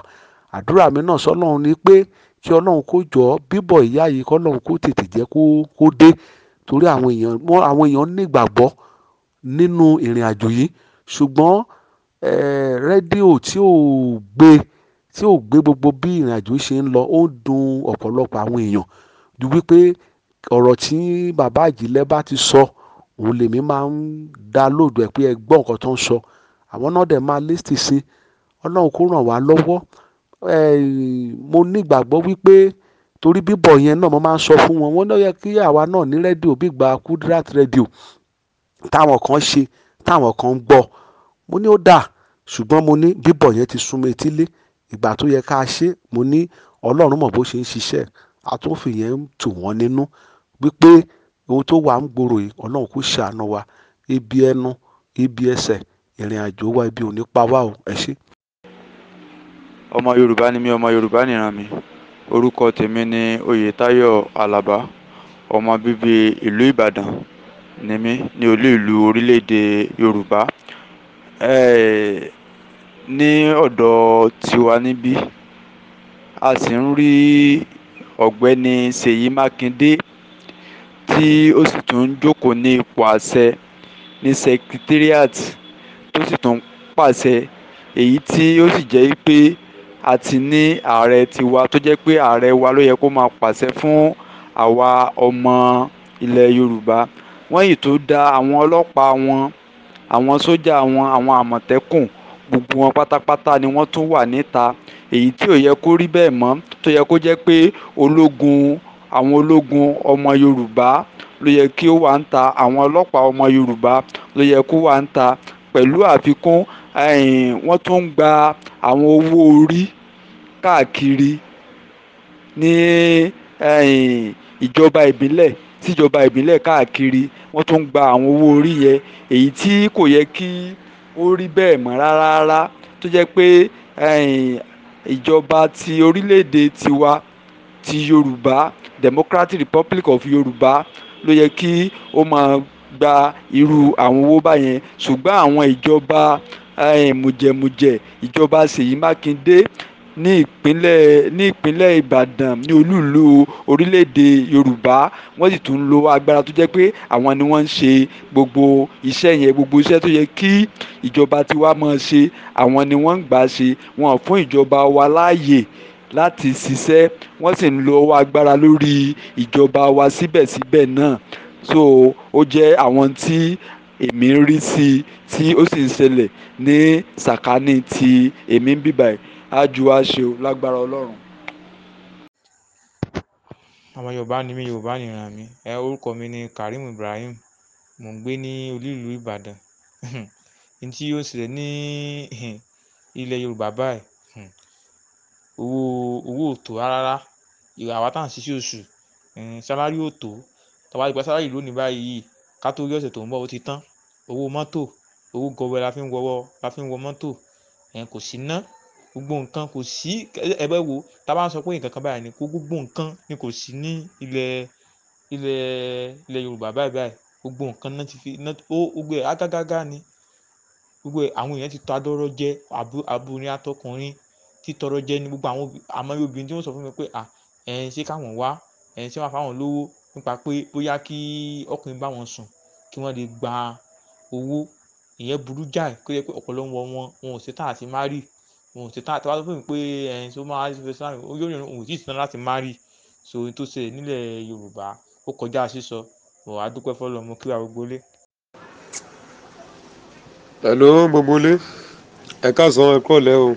àdúrà mi náà sọ́lọ́run ni pé kí ọlọ́run kó jọ bíbọ̀ ìyá yìí kọ́ ọlọ́run kó tètè jẹ́ kó kó dé torí àwọn èèyàn mọ́ àwọn èèyàn nígbàgbọ́ nínú ìrìn àjò yìí ṣùgbọ́n rédíò tí ò gbé tí ò gbé gbogbo bí ìrìn àjò ṣe ń lọ ó ń dùn ọ̀pọ̀lọpọ̀ àwọn èèyàn ju wípé ọ̀rọ̀ tí bàbá àjìlẹ̀ bá ti sọ òun lèmi máa ń dá lóòdù pé ẹ gbọ́ nǹkan tó ń sọ àwọn náà dẹ̀ máa lésì sí ọlọ́run kó ràn wá lọ́wọ́ Eh, mo ní ìgbàgbọ́ wípé torí bíbọ̀ yẹn náà mo máa ń sọ fún wọn wọ́n ló yẹ kí àwa náà ní rédíò bí gba Kudrat rédíò táwọn kan ṣe táwọn kan ń gbọ́ mo ní ó dà ṣùgbọ́n mo ní bíbọ̀ yẹn ti súnmọ́ etílé ìgbà tó yẹ ká ṣe mo ní Ọlọ́run mọ̀ bó ṣe ń ṣiṣẹ́ àtúnfin yẹn ń tù wọ́n nínú wípé ohun tó wà ń gbòòrò yìí Ọlọ́run kò ṣàánú wa ibi ẹnu ibi ẹsẹ̀ ìrìn àjò wa ibi ò ní pa wá o ẹ ṣé ọmọ yorùbá ni mí ọmọ yorùbá nìran mi orúkọ tèmi ni oyètáyọ̀ alábá ọmọ bíbí ìlú ìbàdàn ni mí ní olú ìlú orílẹ̀-èdè yorùbá ní ọ̀dọ̀ tiwa níbí a sì ń rí ọ̀gbẹ́ni ṣèyí mákindé tí ó sì tún ń jókòó ní ipò àṣẹ ní secretariat tó sì tún pàṣẹ èyí tí ó sì jẹ́ pé a ti ní ààrẹ tiwa tó jẹ́ pé ààrẹ wa ló yẹ kó máa pàṣẹ fún àwa ọmọ ilẹ̀ Yorùbá wọ́n yìí tó da àwọn ọlọ́pàá wọn àwọn sójà wọn àwọn àmọ̀tẹ́kùn gbogbo wọn pátápátá ni wọ́n tún wà níta èyí tí ò yẹ kó rí bẹ́ẹ̀ mọ́ tó yẹ kó jẹ́ pé ológun àwọn ológun ọmọ Yorùbá ló yẹ kí ó wà ń ta àwọn ọlọ́pàá ọmọ Yorùbá ló yẹ kó wà ń ta pẹ̀lú àfikún wọ́n tún gba àwọn owó orí káàkiri ní ìjọba ìbílẹ̀ síjọba ìbílẹ̀ káàkiri wọ́n tún ń gba àwọn owó orí yẹn èyí tí kò yẹ kí ó rí bẹ́ẹ̀ mọ́ rárá tó jẹ́ pé ìjọba ti orílẹ̀-èdè tiwa ti Yorùbá Democratic Republic of Yorùbá ló yẹ kí ó máa gba irú àwọn owó báyẹn ṣùgbọ́n àwọn ìjọba mùjẹ̀mùjẹ̀ ìjọba Ṣèyí Mákindé ní ìpínlẹ̀ ní ìpínlẹ̀ Ìbàdàn ní olúùlú orílẹ̀-èdè Yorùbá wọ́n sì tún ń lo agbára tó jẹ́ pé àwọn ni wọ́n ń ṣe gbogbo iṣẹ́ yẹn gbogbo iṣẹ́ tó yẹ kí ìjọba tiwa máa ṣe àwọn ni wọ́n ń gbà ṣe wọn fún ìjọba wa láàyè láti ṣiṣẹ́ wọ́n sì ń lo ọwọ́ agbára lórí ìjọba wa síbẹ̀síbẹ̀ náà so ó jẹ́ àwọn tí èmi ń rí sí i tí ó sì ń ṣẹlẹ̀ ní sàkání tí èmi ń bíbà ẹ̀ á ju wá lágbára ọlọ́run. ọmọ yorùbá ni mí yorùbá nìran mi ẹ orúkọ mi ni karim ibrahim mò ń gbé ní olú ìlú ìbàdàn n tí yóò ṣẹlẹ̀ ní ilẹ̀ yorùbá báyìí owó owó ò rárá àwa tá à oṣù sálárì ò tó tàbá ìgbà lónìí báyìí ká tó rí ọ̀sẹ̀ tó ń bọ̀ ó ti tán owó mọ́tò owó gọbọi la fi ń wọwọ́ la fi ń wọ mọ́tò kò sí ná gbogbo nǹkan kò sí ẹ̀bẹ̀ wo tá a bá ń sọ pé nǹkan kan báyìí ni kó gbogbo nǹkan ni kò sí ní ilẹ̀ ilẹ̀ ilẹ̀ Yorùbá báyìí báyìí gbogbo nǹkan náà ti fi ó gbogbo ẹ̀ ágágágá ni gbogbo ẹ̀ àwọn èèyàn ti tọ́ adọ́rọ́ jẹ àbúrò ní atọkùnrin títọrọ jẹ ní gbogbo àwọn àmọ́ obìnrin tí wọ́n sọ fún mi pé à ẹ̀ ń ṣe káwọn wá ẹ̀ ń ṣe wọn fáwọn lówó nípa pé bóyá kí ọkùnrin bá wọn sùn kí wọ́n lè gba owó ìyẹn burú jáì kó jẹ́ pé ọ̀pọ̀lọpọ̀ wọn wọn ò ṣetán àti márì wọn ò ṣetán àti wá sọ fún mi pé ẹ̀yin tó máa ń fẹ́ sáré ó yóò ní òun sì ṣetán láti márì so ohun tó ṣẹlẹ̀ nílẹ̀ Yorùbá ó kọjá sísọ mo wá dúpẹ́ fọlọ́ mo kí wa gbogbo lé. hello gbogbo lé ẹ káàsán ẹ kọ́ lẹ́ o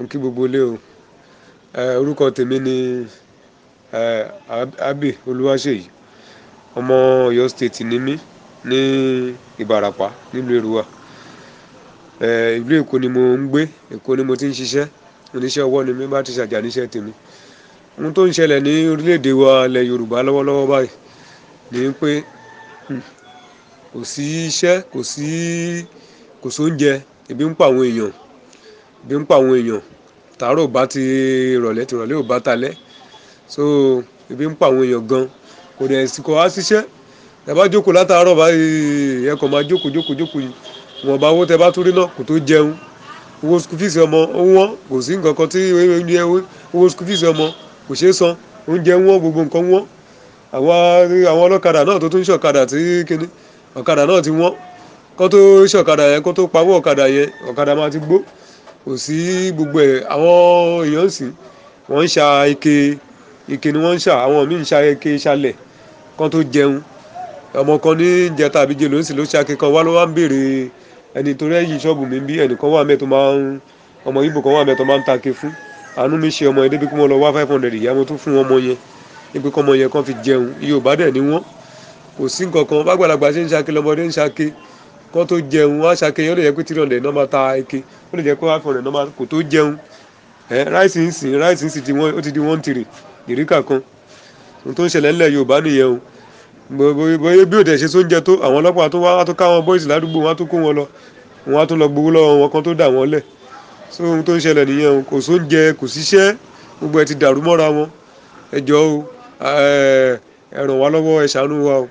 ẹ kí gbogbo lé o orúkọ tèmi ni abi olúwaṣèyí ọmọ Ọ̀yọ́ state ni mí ní Ìbàràpá nílùú Èrúwà ìlú Èkó ni mo ń gbé Èkó ni mo ti ń ṣiṣẹ́ oníṣẹ́ ọwọ́ ni mi bá ti ṣàjà níṣẹ́ tèmi ohun tó ń ṣẹlẹ̀ ní orílẹ̀ wa ilẹ̀ Yorùbá lọ́wọ́lọ́wọ́ báyìí ni pé hmm, kò sí iṣẹ́ kò sí kò sóúnjẹ ebi ń pa àwọn èèyàn ebi ń pa àwọn èèyàn tààrọ̀ ò bá ti rọ̀lẹ́ tìrọ̀lẹ́ ò bá talẹ́ so ebi ń pa àwọn èèyàn gan kò dẹ̀ sì kọ́ á ṣiṣẹ́ tẹ́ bá jókòó látàárọ̀ báyìí ẹ kàn máa jókòó jókòó jókòó yìí wọn bá owó tẹ́ bá tún rí náà kò tó jẹun owó school fees ọmọ wọn kò sí nǹkan kan tí owó school fees ọmọ kò ṣeé san oúnjẹ wọn gbogbo nǹkan wọn àwọn ọlọ́kadà náà tó tún ṣọ̀kadà tí kíní ọ̀kadà náà ti wọ́n kó tó ṣọ̀kadà yẹn kó tó pawọ́ ọ̀kadà yẹn ọ̀kadà máa ti gbó kò sí gbogbo ẹ̀ àwọn èèyàn sì wọ́n ń ṣa ike ìkè ni wọ́n ń ṣà àwọn míì ń ṣayẹkẹ ṣalẹ̀ kan tó jẹun ọmọ kan ní jẹta àbí jẹ lóńsì ló ṣàkè kan wá ló wá ń béèrè ẹni torí ẹ̀yìn ṣọ́ọ̀bù mi bí ẹnìkan wà mẹ́ẹ̀ tó máa ń ọmọ ibo kan wà mẹ́ẹ̀ tó máa ń take fún àánú mi ṣe ọmọ yẹn débi kí wọ́n lọ wá five hundred ìyá mo tún fún ọmọ yẹn ipe kọ́ ọmọ yẹn kan fi jẹun Yorùbá dẹ̀ ni wọ́n kò sí nǹkan kan bágbàlagbà ṣe ń ṣàkè lọ́mọdé ń ṣàkè kọ́ tó jẹun wá ṣàkè yẹn ó lè jẹ́ pé three ìríkà kan ohun tó ń ṣẹlẹ̀ ńlẹ̀ Yorùbá nìyẹn o bóyá bí òde ṣe tó ń jẹ tó àwọn ọlọ́pàá tó wá wá tó ká wọn bọ́ìsì ládùúgbò wọn á tó kó wọn lọ wọn á tó lọ gbowó lọ́wọ́ wọn kan tó dà wọ́n lẹ̀ so ohun tó ń ṣẹlẹ̀ nìyẹn o kò sóúnjẹ kò síṣẹ́ gbogbo ẹ̀ ti dàrú mọ́ra wọn ẹ o ẹ ràn wá lọ́wọ́ ẹ ṣàánú wa o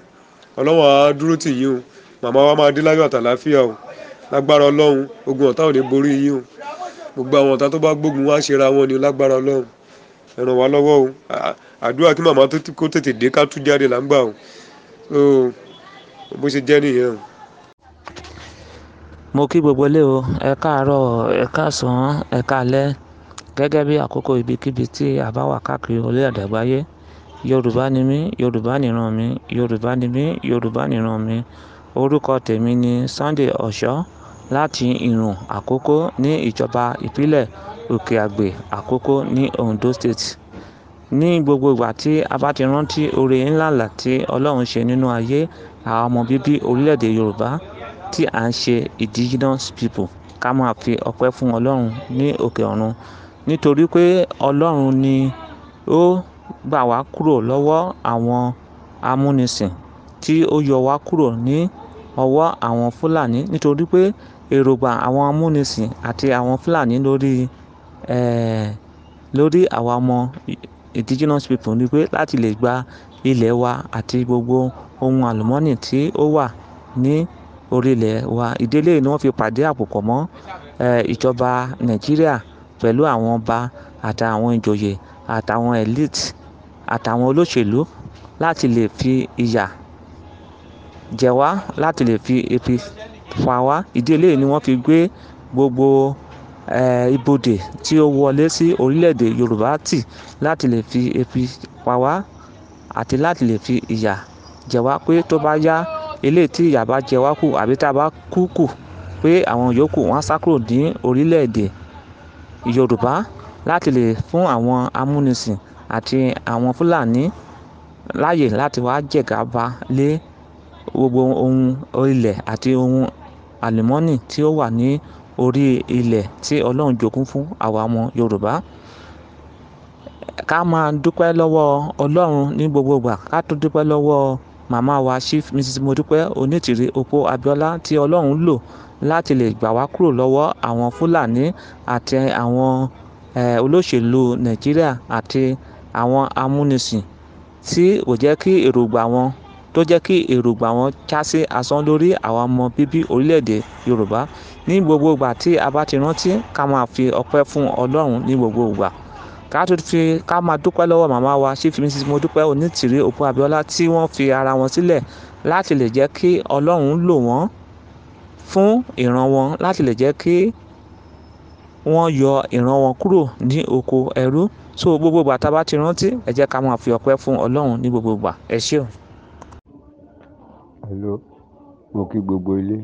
Ọlọ́run á dúró tì yín o màmá wa máa dé láyọ̀ àtàlàáfíà o lágbára Ọlọ́run ogun ọ̀tá ò ní borí yín o gbogbo àwọn ọ̀tá tó bá gbógun wá ṣera wọn ni lágbára Ọlọ́run ẹ ràn wá lọ́wọ́ o àdúrà kí màmá kó tètè dé ká tún jáde là ń gbà o bó ṣe jẹ́ nìyẹn o. mo kí gbogbo ilé o ẹ káàárọ̀ ẹ káàsán ẹ káalẹ́ gẹ́gẹ́ bí àkókò ibikíbi tí a bá wà káàkiri orílẹ̀ àdàgbáyé yorùbá ni mí yorùbá nìran mi yorùbá ni mí yorùbá nìran mi orúkọ tèmi ni Sunday ọ̀ṣọ́ láti ìrùn àkókò ní ìjọba ìpínlẹ̀ òkè-àgbè àkókò ní ondo state ní gbogbo ìgbà tí a bá ti rántí oore ńláǹlà tí ọlọ́run ṣe nínú ayé àwọn ọmọ bíbí orílẹ̀-èdè yorùbá tí à ń ṣe indigenous people ká máa fi ọpẹ́ fún ọlọ́run ní òkè ọ̀run nítorí pé ọlọ́run ni ó gbà wá kúrò lọ́wọ́ àwọn amúnisìn tí ó yọ wá kúrò ní ọwọ́ àwọn fúlàní nítorí pé èròǹgbà àwọn amúnisìn àti àwọn fúlàní lórí Eh, lórí àwa ọmọ indigenous people ni pé láti lè gba ilẹ̀ wa àti gbogbo ohun àlùmọ́nì tí ó wà ní orílẹ̀ wa ìdílé ni wọ́n fi pàdé àpòpọ̀ mọ́ eh, ìjọba nàìjíríà pẹ̀lú àwọn ọba àtàwọn ìjòyè àtàwọn elite àtàwọn olóṣèlú láti lè fi ìyà jẹ wá láti lè fi ebi fa wá ìdílé ni wọ́n fi gbé gbogbo ibodè tí ó wọlé sí orílẹ̀-èdè Yorùbá tì láti lè fi ebi pa wá àti láti lè fi ìyà jẹ wá pé tó bá yá eléyìí tí ìyà bá jẹ wá kù àbí tá a bá kú kù pé àwọn yòókù wọn sá kúrò ní orílẹ̀-èdè Yorùbá láti lè fún àwọn amúnisìn àti àwọn Fúlàní láàyè láti wá jẹgàba lé gbogbo ohun ilẹ̀ àti ohun àlùmọ́nì tí ó wà ní orí ilẹ̀ tí ọlọ́run jogún fún àwa ọmọ yorùbá ká máa dúpẹ́ lọ́wọ́ ọlọ́run ní gbogbo ìgbà ká tún dúpẹ́ lọ́wọ́ màmá wa chief mrs modúpẹ́ onítìrí opó abíọ́lá tí ọlọ́run lò láti lè gbà wá kúrò lọ́wọ́ àwọn fúlàní àti àwọn olóṣèlú nàìjíríà àti àwọn amúnisìn tí ò jẹ́ kí èròǹgbà wọn tó jẹ́ kí èròǹgbà wọn jásí asán lórí àwa ọmọ bíbí orílẹ̀-èdè Yorùbá. Ní gbogbo ìgbà tí a bá ti rántí ká máa fi ọpẹ́ fún Ọlọ́run ní gbogbo ìgbà. Ká tún fi ká máa dúpẹ́ lọ́wọ́ màmá wa Chief Mrs Modúpẹ́ Onítìrí Ògún Abíọ́lá tí wọ́n fi ara wọn sílẹ̀ láti lè jẹ́ kí Ọlọ́run lò wọ́n fún ìran wọn láti lè jẹ́ kí wọ́n yọ ìran wọn kúrò ní oko ẹrú. So gbogbo ìgbà tá a bá ti rántí ẹ jẹ́ ká máa fi ọpẹ́ fún Ọlọ́run ní gbogbo ìgbà. Ẹ ṣé hello mo kí gbogbo ilé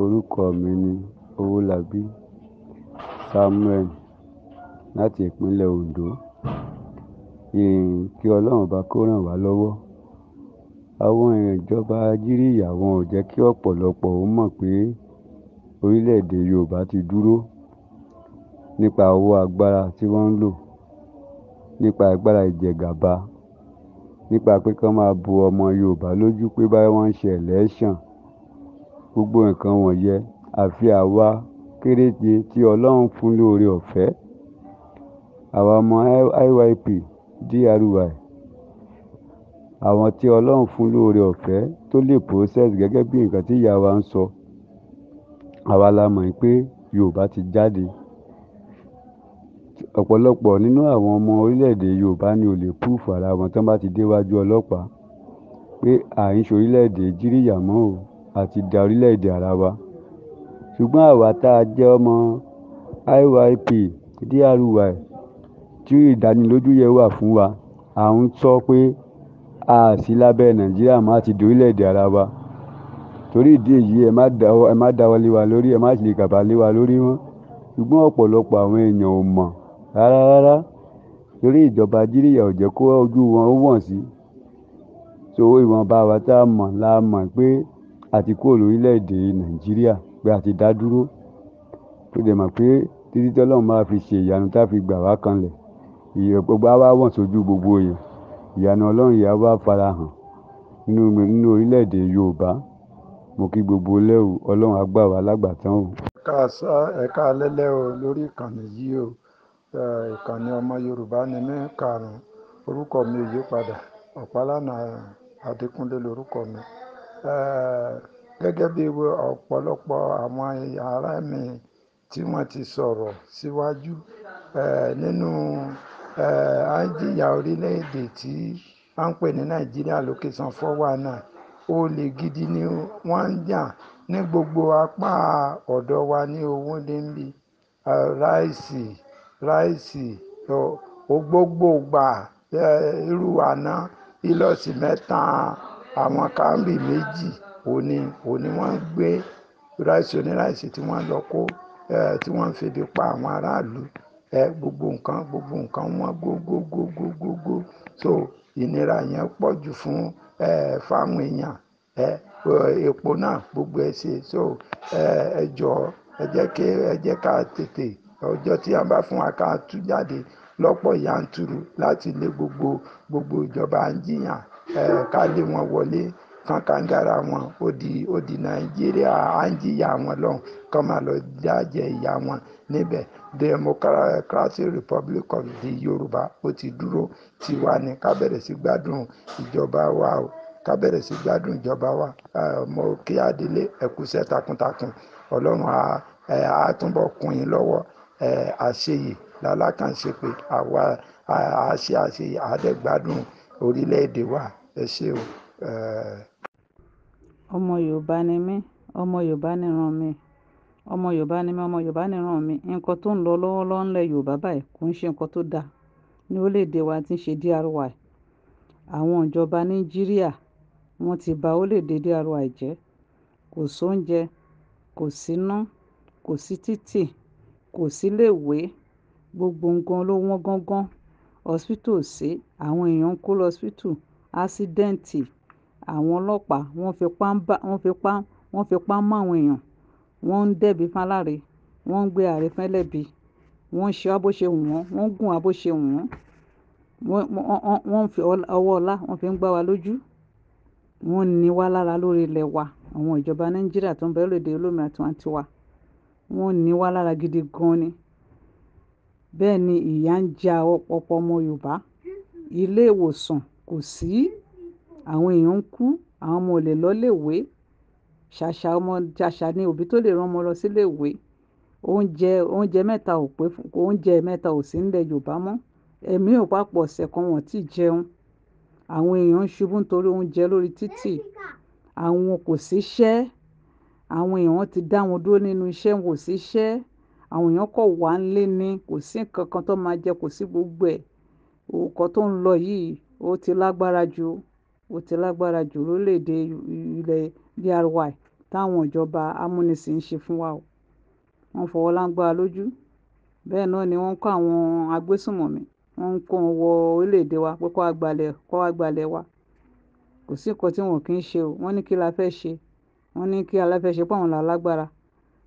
orúkọ mi ní ọwọ́labí samuel láti ìpínlẹ̀ ondo kí ọlọ́run bá kó ràn wá lọ́wọ́ àwọn ìjọba ajíríyà wọn ò jẹ́ kí ọ̀pọ̀lọpọ̀ ó mọ̀ pé orílẹ̀-èdè yorùbá ti dúró nípa owó agbára tí wọ́n ń lò nípa agbára ìjẹgàba nípa pé kí wọ́n máa bo ọmọ yorùbá lójú pé báyọ̀ wọ́n ń ṣe ẹlẹ́ṣàn gbogbo nǹkan wọ̀nyẹn àfi àwa kéréje tí ọlọ́run fún lóore ọ̀fẹ́ àwa ọmọ iyp dry àwọn tí ọlọ́run fún lóore ọ̀fẹ́ tó lè process gẹ́gẹ́ bí nǹkan tí ìyá wa ń sọ àwa la mọ̀ pé yorùbá ti jáde ọ̀pọ̀lọpọ̀ nínú àwọn ọmọ orílẹ̀-èdè yorùbá ni ó lè púrúùfù ara wọn tí wọ́n bá ti déwájú ọlọ́pàá pé à ń ṣe orílẹ̀-èdè jíríyà mọ́ o a ti da orílẹ̀-èdè ara wa ṣùgbọ́n àwa tá a jẹ́ ọmọ IYP DRY tí ìdánilójú yẹn wà fún wa à ń sọ pé a sí lábẹ́ nàìjíríà mọ́ a ti di orílẹ̀-èdè ara wa torí ìdí èyí ẹ má dáwọ́ ẹ má dáwọ́ lé wa lórí ẹ má ṣe lè gàba lé wa lórí mọ́ ṣùgbọ́n ọ̀pọ̀lọpọ̀ àwọn èèyàn ò mọ̀ rárá rárá torí ìjọba jíríyà ò jẹ́ kó ojú wọn ó wọ̀n sí so ìwọ̀nba wa tá a mọ̀ la mọ̀ pé àti kúrò lórílẹ̀ nàìjíríà pé a ti dá dúró tó dẹ̀ mọ̀ pé títí tọ́lọ́run máa fi ṣe ìyanu tá a fi gbà wá kanlẹ̀ ìyẹn gbogbo á wá wọ̀n sójú gbogbo èèyàn ìyanu ọlọ́run yìí á wá fara hàn nínú nínú orílẹ̀‐èdè yorùbá mo kí gbogbo lẹ́wù ọlọ́run á gbà wá lágbàtán o. ẹ̀ka ẹ̀ka alẹ́lẹ́ o lórí ìkànnì yìí o ìkànnì ọmọ yorùbá ni mí karùn-ún orúkọ mi ò yí na ọ̀pálánà adékúnlé lorúkọ mi gẹ́gẹ́ bí ọ̀pọ̀lọpọ̀ àwọn ará mi tí wọ́n ti sọ̀rọ̀ síwájú nínú àjíyà orílẹ̀-èdè tí a ń pè ní nàìjíríà gidi ni wọ́n ń jà gbogbo apá ọ̀dọ̀ wa ní owó dé ń ráìsì ògbógbògbà irú àná ìlọ́sì mẹ́ta àwọn kámbi méjì òní òní wọ́n gbé ráìsì oníráìsì tí wọ́n lọ kó tí wọ́n febi pa àwọn aráàlú gbogbo nǹkan gbogbo nǹkan wọ́n gógógógógógó so ìnira yẹn pọ̀ jù fún fáwọn èèyàn epo náà gbogbo ẹ̀ ṣe so ẹ jọ̀ọ́ ẹ jẹ́ ká tètè ọjọ́ tí a bá fún wa ká tú jáde lọ́pọ̀ yanturu láti lé gbogbo gbogbo ìjọba à ń jiyàn ká lé wọn wọlé kan kàńgára wọn ó di nàìjíríà à wọn lọ́hùn kán máa lọ jájẹ ìyà wọn níbẹ̀ democratic republic of the yorùbá ó ti dúró tiwa ni ká bẹ̀rẹ̀ sí gbádùn ìjọba wa o ká bẹ̀rẹ̀ sí gbádùn ìjọba wa mo kí adélé ẹ̀kúṣẹ́ takuntakun ọlọ́run á túnbọ̀ kún yín lọ́wọ́ àṣeyì lálákànṣe pé àwa àṣe àṣeyì àádẹ́gbádùn orílẹ̀-èdè wa ẹ ṣé o. ọmọ yorùbá ni mí ọmọ yorùbá níran mi ọmọ yorùbá ni mí ọmọ yorùbá níran mi nǹkan tó ń lọ lọ́wọ́lọ́wọ́ ńlẹ̀ yorùbá báyìí kò ń ṣe nǹkan tó dáa ní orílẹ̀-èdè wa tí ń ṣe DRY àwọn ìjọba nàìjíríà wọ́n ti bà orílẹ̀-èdè DRY jẹ́ kò sóúnjẹ kò síná kò sí títì kò síléèwé gbogbo nǹkan ló wọ́n góńgó ọsibítù ò sí àwọn èèyàn ń kú lọ́sibítù àṣídẹ́ǹtì àwọn ọlọ́pàá wọ́n fipá wọ́n fipá wọ́n fipá mú àwọn èèyàn wọ́n ń dẹ́bi fáláre wọ́n ń gbé àre fẹ́lẹ́bi wọ́n ń ṣe wá bó ṣe wù wọ́n wọ́n ń gùn wá bó ṣe wù wọ́n wọ́n ń fi ọwọ́ ọlá wọ́n fi ń gbá wa lójú wọ́n ń ni wá lára lórí ilẹ̀ wa àwọn ìjọba nàìjíríà tó ń bẹ lóde olómìnira tiwantiwa wọ́n ní wá lára gidi gan ni bẹ́ẹ̀ ni ìyà ń jẹ ọ̀pọ̀pọ̀ ọmọ Yorùbá ilé ìwòsàn kò sí àwọn èèyàn ń kú àwọn ọmọ olè lọ́lẹ̀wé ṣàṣà ọmọ ṣàṣà ni òbí tó lè rán ọmọ lọ sílé ìwé oúnjẹ oúnjẹ mẹ́ta ò pé oúnjẹ mẹ́ta ò sí nílẹ̀ Yorùbá mọ́ ẹ̀mí ò papọ̀ ọ̀sẹ̀ kan wọ́n ti jẹun àwọn èèyàn ń ṣubú nítorí oúnjẹ lórí títì àwọn kò síṣẹ́ àwọn èèyàn ti dá wọn dúró nínú iṣẹ́ wọn ò sí iṣẹ́ àwọn èèyàn kọ̀ wá nílé ni kò sí nǹkan kan tó máa jẹ kò sí gbogbo ẹ̀ nǹkan tó ń lọ yìí ó ti lágbára ju ó ti lágbára ju lórílẹ̀‐èdè ilẹ̀ diy táwọn ìjọba amúnisìn ń ṣe fún wa o wọ́n fọwọ́ lágbára lójú bẹ́ẹ̀ náà ni wọ́n ń kó àwọn agbésùnmọ̀mí wọ́n ń kó wọn wọ orílẹ̀‐èdè wa pé kó wá gbalẹ̀ wa wa kò sí nǹkan tí wọn kì í ṣe o wọ́n ní kí la fẹ́ ṣe wọ́n ní kí aláfẹ́ ṣe pé àwọn lálágbára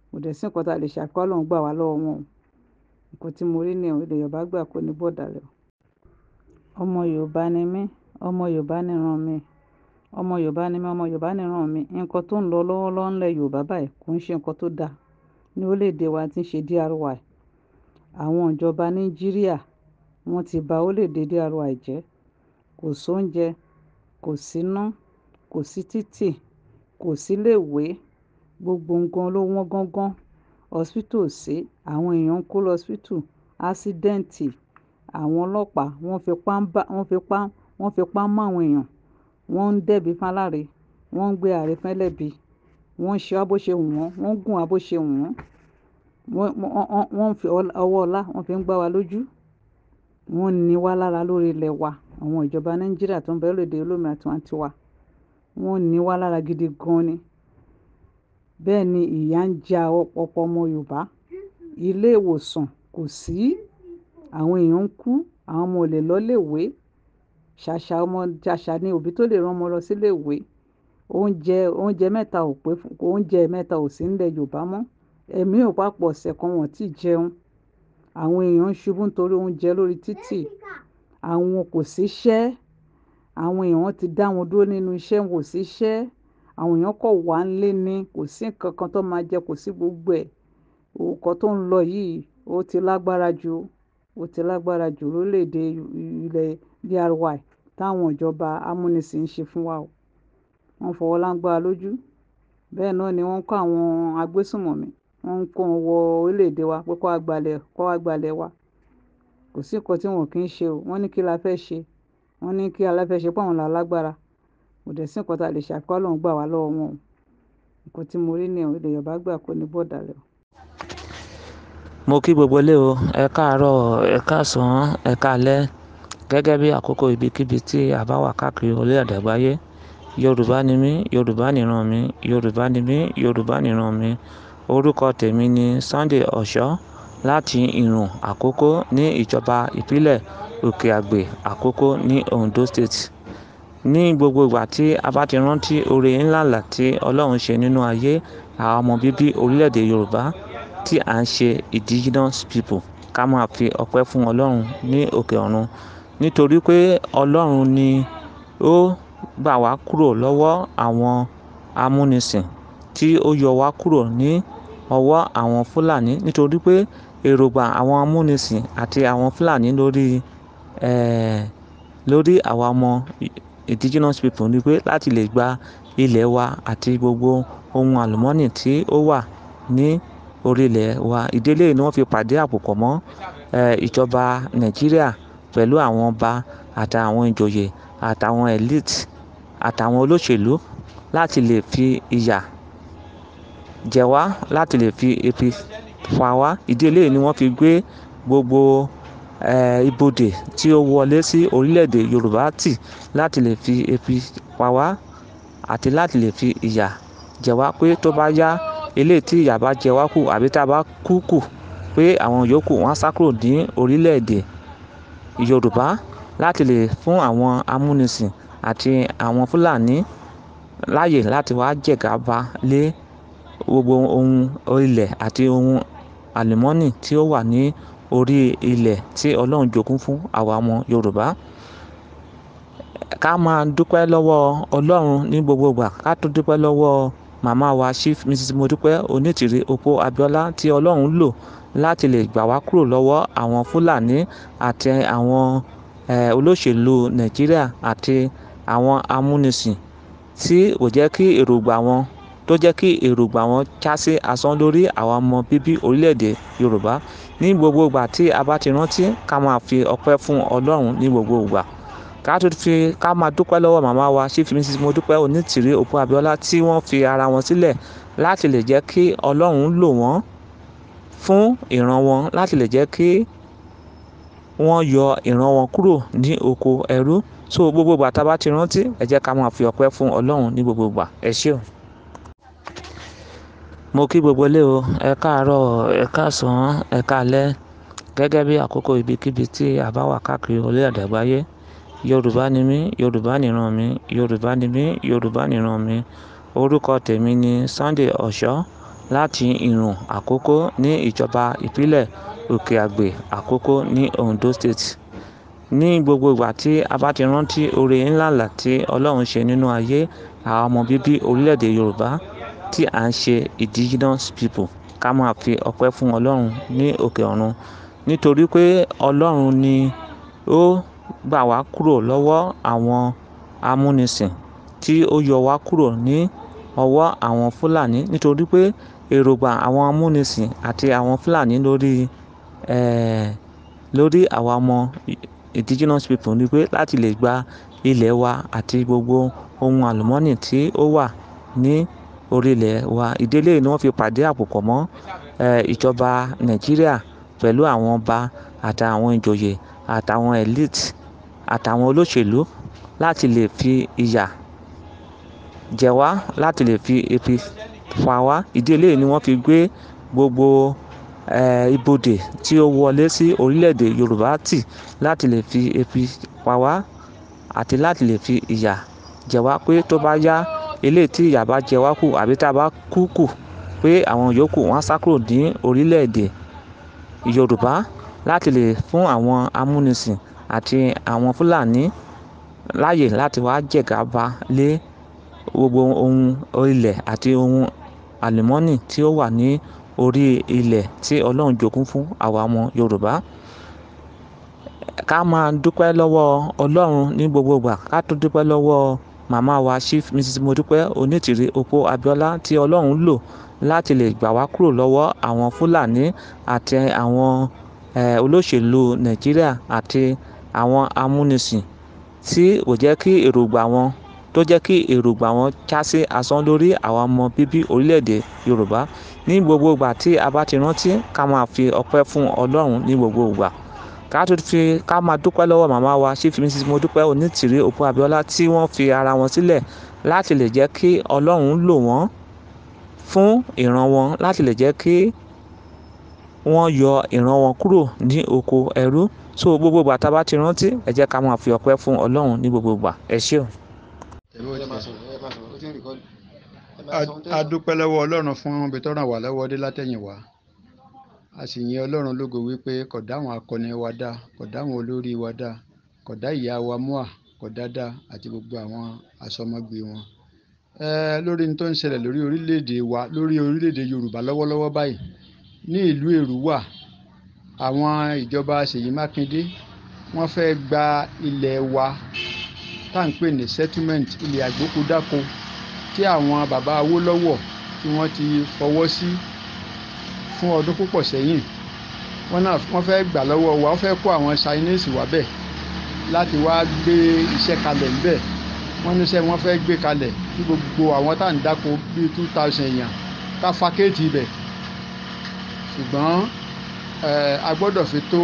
kò dẹ̀ sí nǹkan tá a lè ṣàkọ́ ọlọ́run gbà wá lọ́wọ́ wọn nǹkan tí mo rí ní ilẹ̀ yorùbá gbà kó ní bọ́ọ̀dà rẹ̀ ọmọ yorùbá ni mí ọmọ yorùbá ni ràn mí ọmọ yorùbá ni mí ọmọ yorùbá ni ràn mí nǹkan tó ń lọ lọ́wọ́lọ́wọ́ ńlẹ̀ yorùbá báyìí kò ń ṣe nǹkan tó dáa ní orílẹ̀-èdè wa ti ń ṣe dry àwọn ìjọba nàìjíríà wọ́n ti bà orílẹ̀-èdè dry jẹ́ kò sóúnjẹ kò síná kò sí títì kò síléèwé gbogbo nǹkan ló wọ́n góńgó ọsibítù ó ṣe àwọn èèyàn ń kú lọ́sibítù àṣídẹ́ǹtì àwọn ọlọ́pàá wọ́n fipá wọ́n fipá wọ́n fipá mú àwọn èèyàn wọ́n ń dẹ́bi fáláre wọ́n ń gbé ààrẹ fẹ́lẹ́bi wọ́n ń ṣe wá bó ṣe wù wọ́n wọ́n ń gùn wá bó ṣe wù wọ́n wọ́n ń fi ọwọ́ ọlá wọ́n fi ń gbá wa lójú wọ́n ń ni wá lára lórí ilẹ̀ wa àwọn ìjọba nàìjíríà tó ń bẹ lóde olómìnira tiwantiwa wọ́n ní wá lára gidi gan ni bẹ́ẹ̀ ni ìyà ń jẹ ọ̀pọ̀pọ̀ ọmọ Yorùbá ilé ìwòsàn kò sí àwọn èèyàn ń kú àwọn ọmọ ò lè lọ léèwé ṣàṣà ọmọ ṣàṣà ni òbí tó lè rán ọmọ lọ sílé ìwé oúnjẹ oúnjẹ mẹ́ta ò pé oúnjẹ mẹ́ta ò sí nílẹ̀ Yorùbá mọ́ ẹ̀mí ò bá pọ̀ ọ̀sẹ̀ kan wọ́n ti jẹun àwọn èèyàn ń ṣubú nítorí oúnjẹ lórí títì àwọn kò síṣẹ́ àwọn èèyàn ti dá wọn dúró nínú iṣẹ́ wọn ò sí iṣẹ́ àwọn èèyàn kọ̀ wá nílé ni kò sí nǹkan kan tó máa jẹ kò sí gbogbo ẹ̀ nǹkan tó ń lọ yìí ó ti lágbára jù ó ti lágbára jù lórílẹ̀‐èdè ilẹ̀ diy táwọn ìjọba amúnisìn ń ṣe fún wa o wọ́n fọwọ́ lágbára lójú bẹ́ẹ̀ náà ni wọ́n ń kó àwọn agbésùnmọ̀mí wọ́n ń kó wọ orílẹ̀‐èdè wa pé kó wá gbalẹ̀ kó wa kò sí nǹkan tí wọn kì í ṣe o wọ́n ní kí la fẹ́ ṣe wọ́n ní kí aláfẹ́ ṣe pọ̀ àwọn lálágbára kò dẹ̀ sí nǹkan tá a lè ṣe àfikọ́ lòún gbà wá lọ́wọ́ wọn o nǹkan tí mo rí ní ìwé ilẹ̀ yorùbá gbà kó ní bọ́ọ̀dà rẹ̀ o. mo kí gbogbo ilé o ẹ káàárọ̀ ẹ káàsán ẹ káalẹ́ gẹ́gẹ́ bí àkókò ibikíbi tí a bá wà káàkiri orí àdàgbáyé yorùbá ni mí yorùbá nìran mi yorùbá ni mí yorùbá nìran mi orúkọ tèmi ni Sunday Ọ̀ṣọ́ láti Ìrùn Àkókó ní ìjọba ìbílẹ̀ òkè àgbè àkókò ní Ondo State ní gbogbo ìgbà tí a bá ti rántí oore ńláǹlà tí Ọlọ́run ṣe nínú ayé àwa ọmọ bíbí orílẹ̀-èdè Yorùbá tí à ń ṣe indigenous people ká máa fi ọpẹ́ fún Ọlọ́run ní òkè ọ̀run nítorí pé Ọlọ́run ni ó gbà wá kúrò lọ́wọ́ àwọn amúnisìn tí ó yọ wá kúrò ní ọwọ́ àwọn Fúlàní nítorí pé èròǹgbà àwọn amúnisìn àti àwọn Fúlàní lórí Eh, lórí àwa ọmọ indigenous people ni pé láti lè gba ilẹ̀ wa àti gbogbo ohun àlùmọ́nì tí ó wà ní orílẹ̀ wa ìdílé ni wọ́n fi pàdé àpòpọ̀ mọ́ eh, ìjọba nàìjíríà pẹ̀lú àwọn ọba àtàwọn ìjòyè àtàwọn elite àtàwọn olóṣèlú láti lè fi ìyà jẹ wá láti lè fi ebi fa wá ìdílé ni wọ́n fi gbé gbogbo Eh, ibodè tí ó wọlé sí orílẹ̀-èdè Yorùbá tì láti lè fi ebi pa wá àti láti lè fi ìyà jẹ wá pé tó bá yá eléyìí tí ìyà bá jẹ wá kù àbí tá a bá kú kù pé àwọn yòókù wọn á sá kúrò ní orílẹ̀-èdè Yorùbá láti lè fún àwọn amúnisìn àti àwọn Fúlàní láàyè láti wá jẹgàba lé gbogbo ohun ilẹ̀ àti ohun àlùmọ́nì tí ó wà ní orí ilẹ̀ tí ọlọ́run jogún fún àwa ọmọ yorùbá ká máa dúpẹ́ lọ́wọ́ ọlọ́run ní gbogbo ìgbà ká tún dúpẹ́ lọ́wọ́ màmá wa chief mrs modúpẹ́ onítìrí opó abíọ́lá tí ọlọ́run lò láti lè gbà wá kúrò lọ́wọ́ àwọn fúlàní àti àwọn olóṣèlú nàìjíríà àti àwọn amúnisìn tí ò jẹ́ kí èròǹgbà wọn tó jẹ́ kí èròǹgbà wọn já sí asán lórí àwọn ọmọ bíbí orílẹ̀-èdè yorùbá ní gbogbo ìgbà tí a bá ti rántí ká máa fi ọpẹ́ fún ọlọ́run ní gbogbo ìgbà ká tó fi ká máa dúpẹ́ lọ́wọ́ màmá wa chief mrs modúpẹ́ onítìrí òpó abíọ́lá tí wọ́n fi ara wọn sílẹ̀ láti lè jẹ́ kí ọlọ́run lò wọ́n fún ìran wọn láti lè jẹ́ kí wọ́n yọ ìran wọn kúrò ní oko ẹrú so gbogbo ìgbà tá a bá ti rántí ẹ jẹ́ ká máa fi ọpẹ́ fún ọlọ́run ní gbogbo ìgbà ẹ ṣeun. Mo kí gbogbo lé o. Ẹ káàárọ̀, Ẹ káàsán, Ẹ káalẹ́. Gẹ́gẹ́ bí àkókò ibikíbi tí a bá wà káàkiri orílẹ̀ èdè àgbáyé. Yorùbá ni mí, Yorùbá nìran mi, Yorùbá ni mí, Yorùbá nìran mi. Orúkọ tèmi ni Sunday Ọ̀ṣọ́ láti ìrùn Àkókó ní ìjọba ìbílẹ̀ Òkè Àgbè ní Ondo State. Ní gbogbo ìgbà tí a bá ti rántí oore ńlá ńlá tí Ọlọ́run ṣe nínú ayé àwa ọmọ bíbí orílẹ̀ èdè Yorùbá, tí à ń ṣe indigenous people ká máa fi ọpẹ́ fún ọlọ́run ní òkè ọ̀run nítorí pé ọlọ́run ni ó gbà wá kúrò lọ́wọ́ àwọn amúnisìn tí ó yọ wá kúrò ní ọwọ́ àwọn fúlàní nítorí pé èròǹgbà àwọn amúnisìn àti àwọn fúlàní lórí eh, lórí àwa ọmọ indigenous people ni pé láti lè gba ilẹ̀ wa àti gbogbo ohun àlùmọ́nì tí ó wà ní orílẹ̀ wa ìdílé ni wọ́n fi pàdé àpòpọ̀ mọ́ ìjọba nàìjíríà pẹ̀lú àwọn ọba àtàwọn ìjòyè àtàwọn elite àtàwọn olóṣèlú láti lè fi ìyà jẹ wá láti lè fi ebi fa wá ìdílé ni wọ́n fi gbé gbogbo ibodè tí ó wọlé sí orílẹ̀-èdè yorùbá tì láti lè fi ebi pa wá àti láti lè fi ìyà jẹ wá pé tó bá yá eléyìí tí ìyà bá jẹ wá kù àbí tá a bá kú kù pé àwọn yòókù wọn á sá kúrò ní orílẹ̀-èdè Yorùbá láti lè fún àwọn amúnisìn àti àwọn Fúlàní láàyè láti wá jẹgàba lé gbogbo ohun ilẹ̀ àti ohun àlùmọ́nì tí ó wà ní orí ilẹ̀ tí Ọlọ́run jogún fún àwa ọmọ Yorùbá ká máa dúpẹ́ lọ́wọ́ Ọlọ́run ní gbogbo ìgbà ká tún dúpẹ́ lọ́wọ́ màmá wa chief mrs modúpẹ́ onítìrí opó abíọ́lá tí ọlọ́run lò láti lè gbà wá kúrò lọ́wọ́ àwọn fúlàní àti àwọn olóṣèlú nàìjíríà àti àwọn amúnisìn tí ò jẹ́ kí èròǹgbà wọn tó jẹ́ kí èròǹgbà wọn já sí asán lórí àwa ọmọ bíbí orílẹ̀-èdè yorùbá ní gbogbo ìgbà tí a bá ti rántí ká máa fi ọpẹ́ fún ọlọ́run ní gbogbo ìgbà ká tó fi ká máa dúpẹ́ lọ́wọ́ màmá wa chief mrs modúpẹ́ onítìrí òpó abíọ́lá tí wọ́n fi ara wọn sílẹ̀ láti lè jẹ́ kí ọlọ́run lò wọ́n fún ìran wọn láti lè jẹ́ kí wọ́n yọ ìran wọn kúrò ní oko ẹrú so gbogbo ìgbà tá a bá ti rántí ẹ jẹ́ ká máa fi ọpẹ́ fún ọlọ́run ní gbogbo ìgbà ẹ ṣeun. a dúpẹ́ lọ́wọ́ ọlọ́run fún ibi tó ràn wá lọ́wọ́ dé látẹ̀yìn wá a sì yin ọlọ́run lógo wípé kò dá àwọn akọni wa dá kò dá àwọn olórí wa dá kò dá ìyá wa mua kò dáadáa àti gbogbo àwọn asọmọgbé wọn. ẹ lórí ní tó ń ṣẹlẹ̀ lórí orílẹ̀-èdè wa lórí orílẹ̀-èdè yorùbá lọ́wọ́lọ́wọ́ báyìí ní ìlú èrúwà àwọn ìjọba ṣèyí mákindé wọ́n fẹ́ gba ilẹ̀ wa tá à ń pè ní settlement ilẹ̀ àgbókúdáko tí àwọn bàbá awólọ́wọ̀ tí wọ́n ti fọwọ́ sí. Si fún ọdún púpọ̀ sẹ́yìn wọ́n náà wọ́n fẹ́ gbà lọ́wọ́ wa wọ́n fẹ́ kó àwọn Chinese wá bẹ̀ láti wá gbé iṣẹ́ kalẹ̀ níbẹ̀ wọ́n níṣẹ́ wọ́n fẹ́ gbé kalẹ̀ kí gbogbo àwọn tá à ń dáko bíi two thousand èèyàn ká fa kéètì ibẹ̀ ṣùgbọ́n eh, a gbọ́dọ̀ fi tó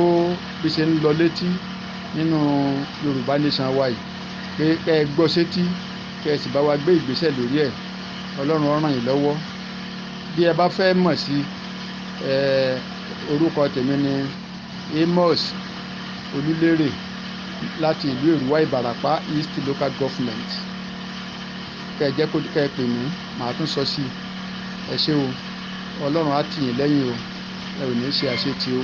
bí ṣe ń lọ létí nínú Yorùbá nation wa yìí pé kẹ́ ẹ gbọ́ sétí kẹ́ ẹ sì bá wa gbé ìgbésẹ̀ lórí ẹ̀ Ọlọ́run ó ràn lọ́wọ́ bí ẹ bá fẹ́ mọ̀ sí i orúkọ tèmi ni Amos Olúlérè láti ìlú Èrúwà Ìbàràpá East Local Government kẹ ẹ jẹ́ kó kẹ ẹ pè mí màá tún sọ sí ẹ ṣé o Ọlọ́run á tì yín lẹ́yìn o ẹ ò ní ṣe àṣetì o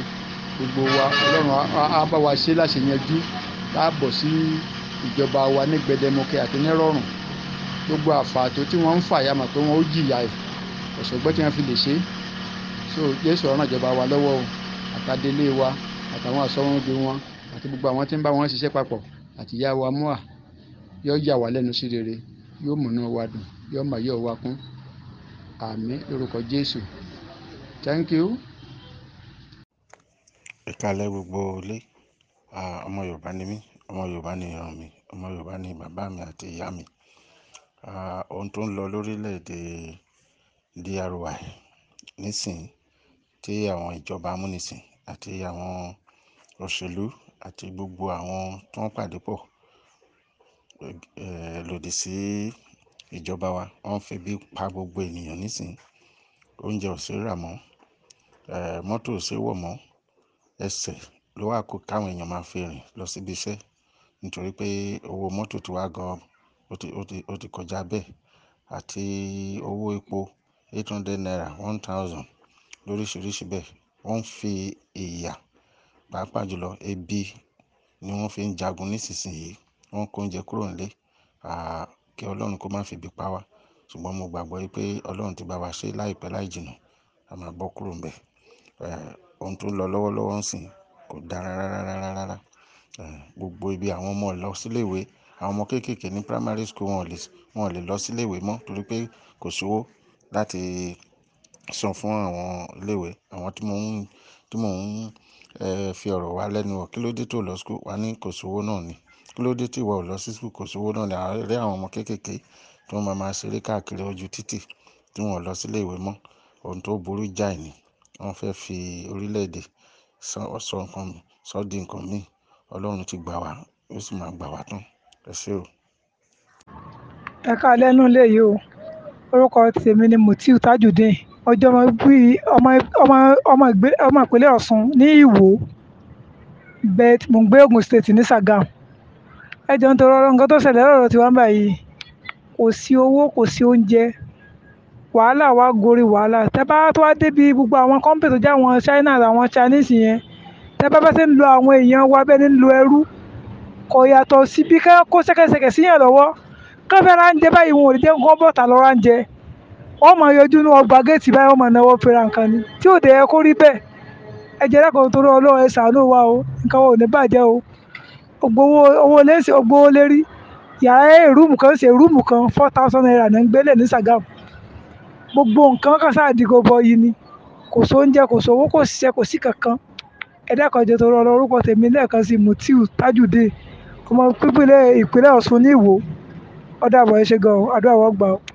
gbogbo wa Ọlọ́run á bá wa ṣe láṣeyanjú láàbọ̀ sí ìjọba wa ní gbẹdẹmukẹ àti nírọ̀rùn gbogbo àfààtò tí wọ́n ń fà ya mà pé wọ́n ó jìyà ọ̀ṣọ́gbọ́n tí wọ́n fi lè ṣe é so jésù ọ̀ràn ìjọba wa lọ́wọ́ o àtàdélé wa àtàwọn àsọ̀wọ́nbi wọn àti gbogbo àwọn tí ń bá wọn ṣiṣẹ́ papọ̀ àti ìyá wa mua yóò yà wá lẹ́nu sí rere yóò múnú wa dùn yóò mà yóò wa kún àmín lórúkọ jésù thank you. ìkàlẹ̀ gbogbo ilé ọmọ yorùbá ni mí ọmọ yorùbá ni ìran mi ọmọ yorùbá ni bàbá mi àti ìyá mi ohun tó ń lọ lórílẹ̀‐èdè DRY nísìnyí tí àwọn ìjọba amúnisìn àti àwọn òṣèlú àti gbogbo àwọn tó ń pàdé pọ̀ lòdì sí ìjọba wa. Wọ́n ń febi pa gbogbo ènìyàn nísìnyí. Oúnjẹ ò ṣe rà mọ́, mọ́tò ò ṣe wọ̀ mọ́. Ẹsẹ̀ ló wà kó káwọn èèyàn máa fi rìn lọ síbi iṣẹ́ nítorí pé owó mọ́tò ti wá gan ó ti, ó ti, ó ti kọjá bẹ́ẹ̀ àti owó epo eight hundred naira, one thousand lóríṣiríṣi bẹ́ẹ̀. Wọ́n ń fi ìyà, pàápàá jùlọ ebi ni wọ́n fi ń jagun nísinsìnyí. Wọ́n ń kó oúnjẹ kúrò nílé. Àá, kí Ọlọ́run kó má fi ebi pa wá. Ṣùgbọ́n mo gbàgbọ́ wípé Ọlọ́run ti bá wa ṣe láìpẹ́ láì jìnnà. A máa bọ́ kúrò níbẹ̀. Ẹ̀, ohun tó ń lọ lọ́wọ́lọ́wọ́ ń sìn kò dára rárá, rárá, rárá. gbogbo ibi àwọn ọmọ lọ sí Àwọn ọmọ kéékèèké ní primary school wọn ò lè, lọ sí mọ́ torí pé kò sí láti sọ fún àwọn ilé-ìwé, àwọn tí mò ń, tí mò ń, ẹ́, fi ọ̀rọ̀ wá lẹ́nu wò. Kí ló dé tó lọ school? Wọ́n á ní kò sí owó náà ni. Kí ló dé tí ìwọ ò lọ sí school? Kò sí owó náà ni. A rí àwọn ọmọ kéékèèké tí wọ́n máa máa ṣeré káàkiri ojú títì tí wọ́n lọ sí ilé mọ́. Ohun tó burú jáì ni. Wọ́n fẹ́ fi orílẹ̀-èdè sọ, nǹkan mi, sọ di nǹkan mi. Ọlọ́run ti gbà wá, ó sì máa gbà wá tán. Ẹ ṣé o. Ẹ káalẹ́ nú ilé yìí o. Orúkọ tèmi ni Mutiu Tajudeen ọjọ́ ọmọ ìpínlẹ̀ ọ̀sùn ní ìwò bet mo ń gbé Ogun State ní Sàgàm ẹ jọ ń tọrọ ọ̀rọ̀ nǹkan tó ṣẹlẹ̀ lọ́rọ̀ tiwa báyìí kò sí owó kò sí oúnjẹ wàhálà wa gorí wàhálà tẹ́bá tó wá débi gbogbo àwọn kọ́ńpì tó jẹ́ China àwọn Chinese yẹn tẹ́bá bá ṣe ń lo àwọn èèyàn wa bẹ́ẹ̀ ni ń lo ẹrú kò yàtọ̀ síbi kó ṣẹ́kẹ́ṣẹkẹ̀ síyàn lọ́wọ́ kọ́fẹ́ ránjẹ báyìí wọn ò lè jẹ́ kó bọ́ta ránjẹ wọ́n máa yọjú ní ọgbà géètì báyìí wọ́n máa náwó fira nǹkan ni tí ò dé kó rí bẹ́ẹ̀ ẹ jẹ́ dákun torí ọlọ́run ẹ ṣàánú wa o nǹkan ò ní o ògbówó owó ògbówó lérí yàrá kan ṣe rúùmù kan four thousand naira ní gbélé ní Sàgám gbogbo nǹkan kan sáà yìí ni kankan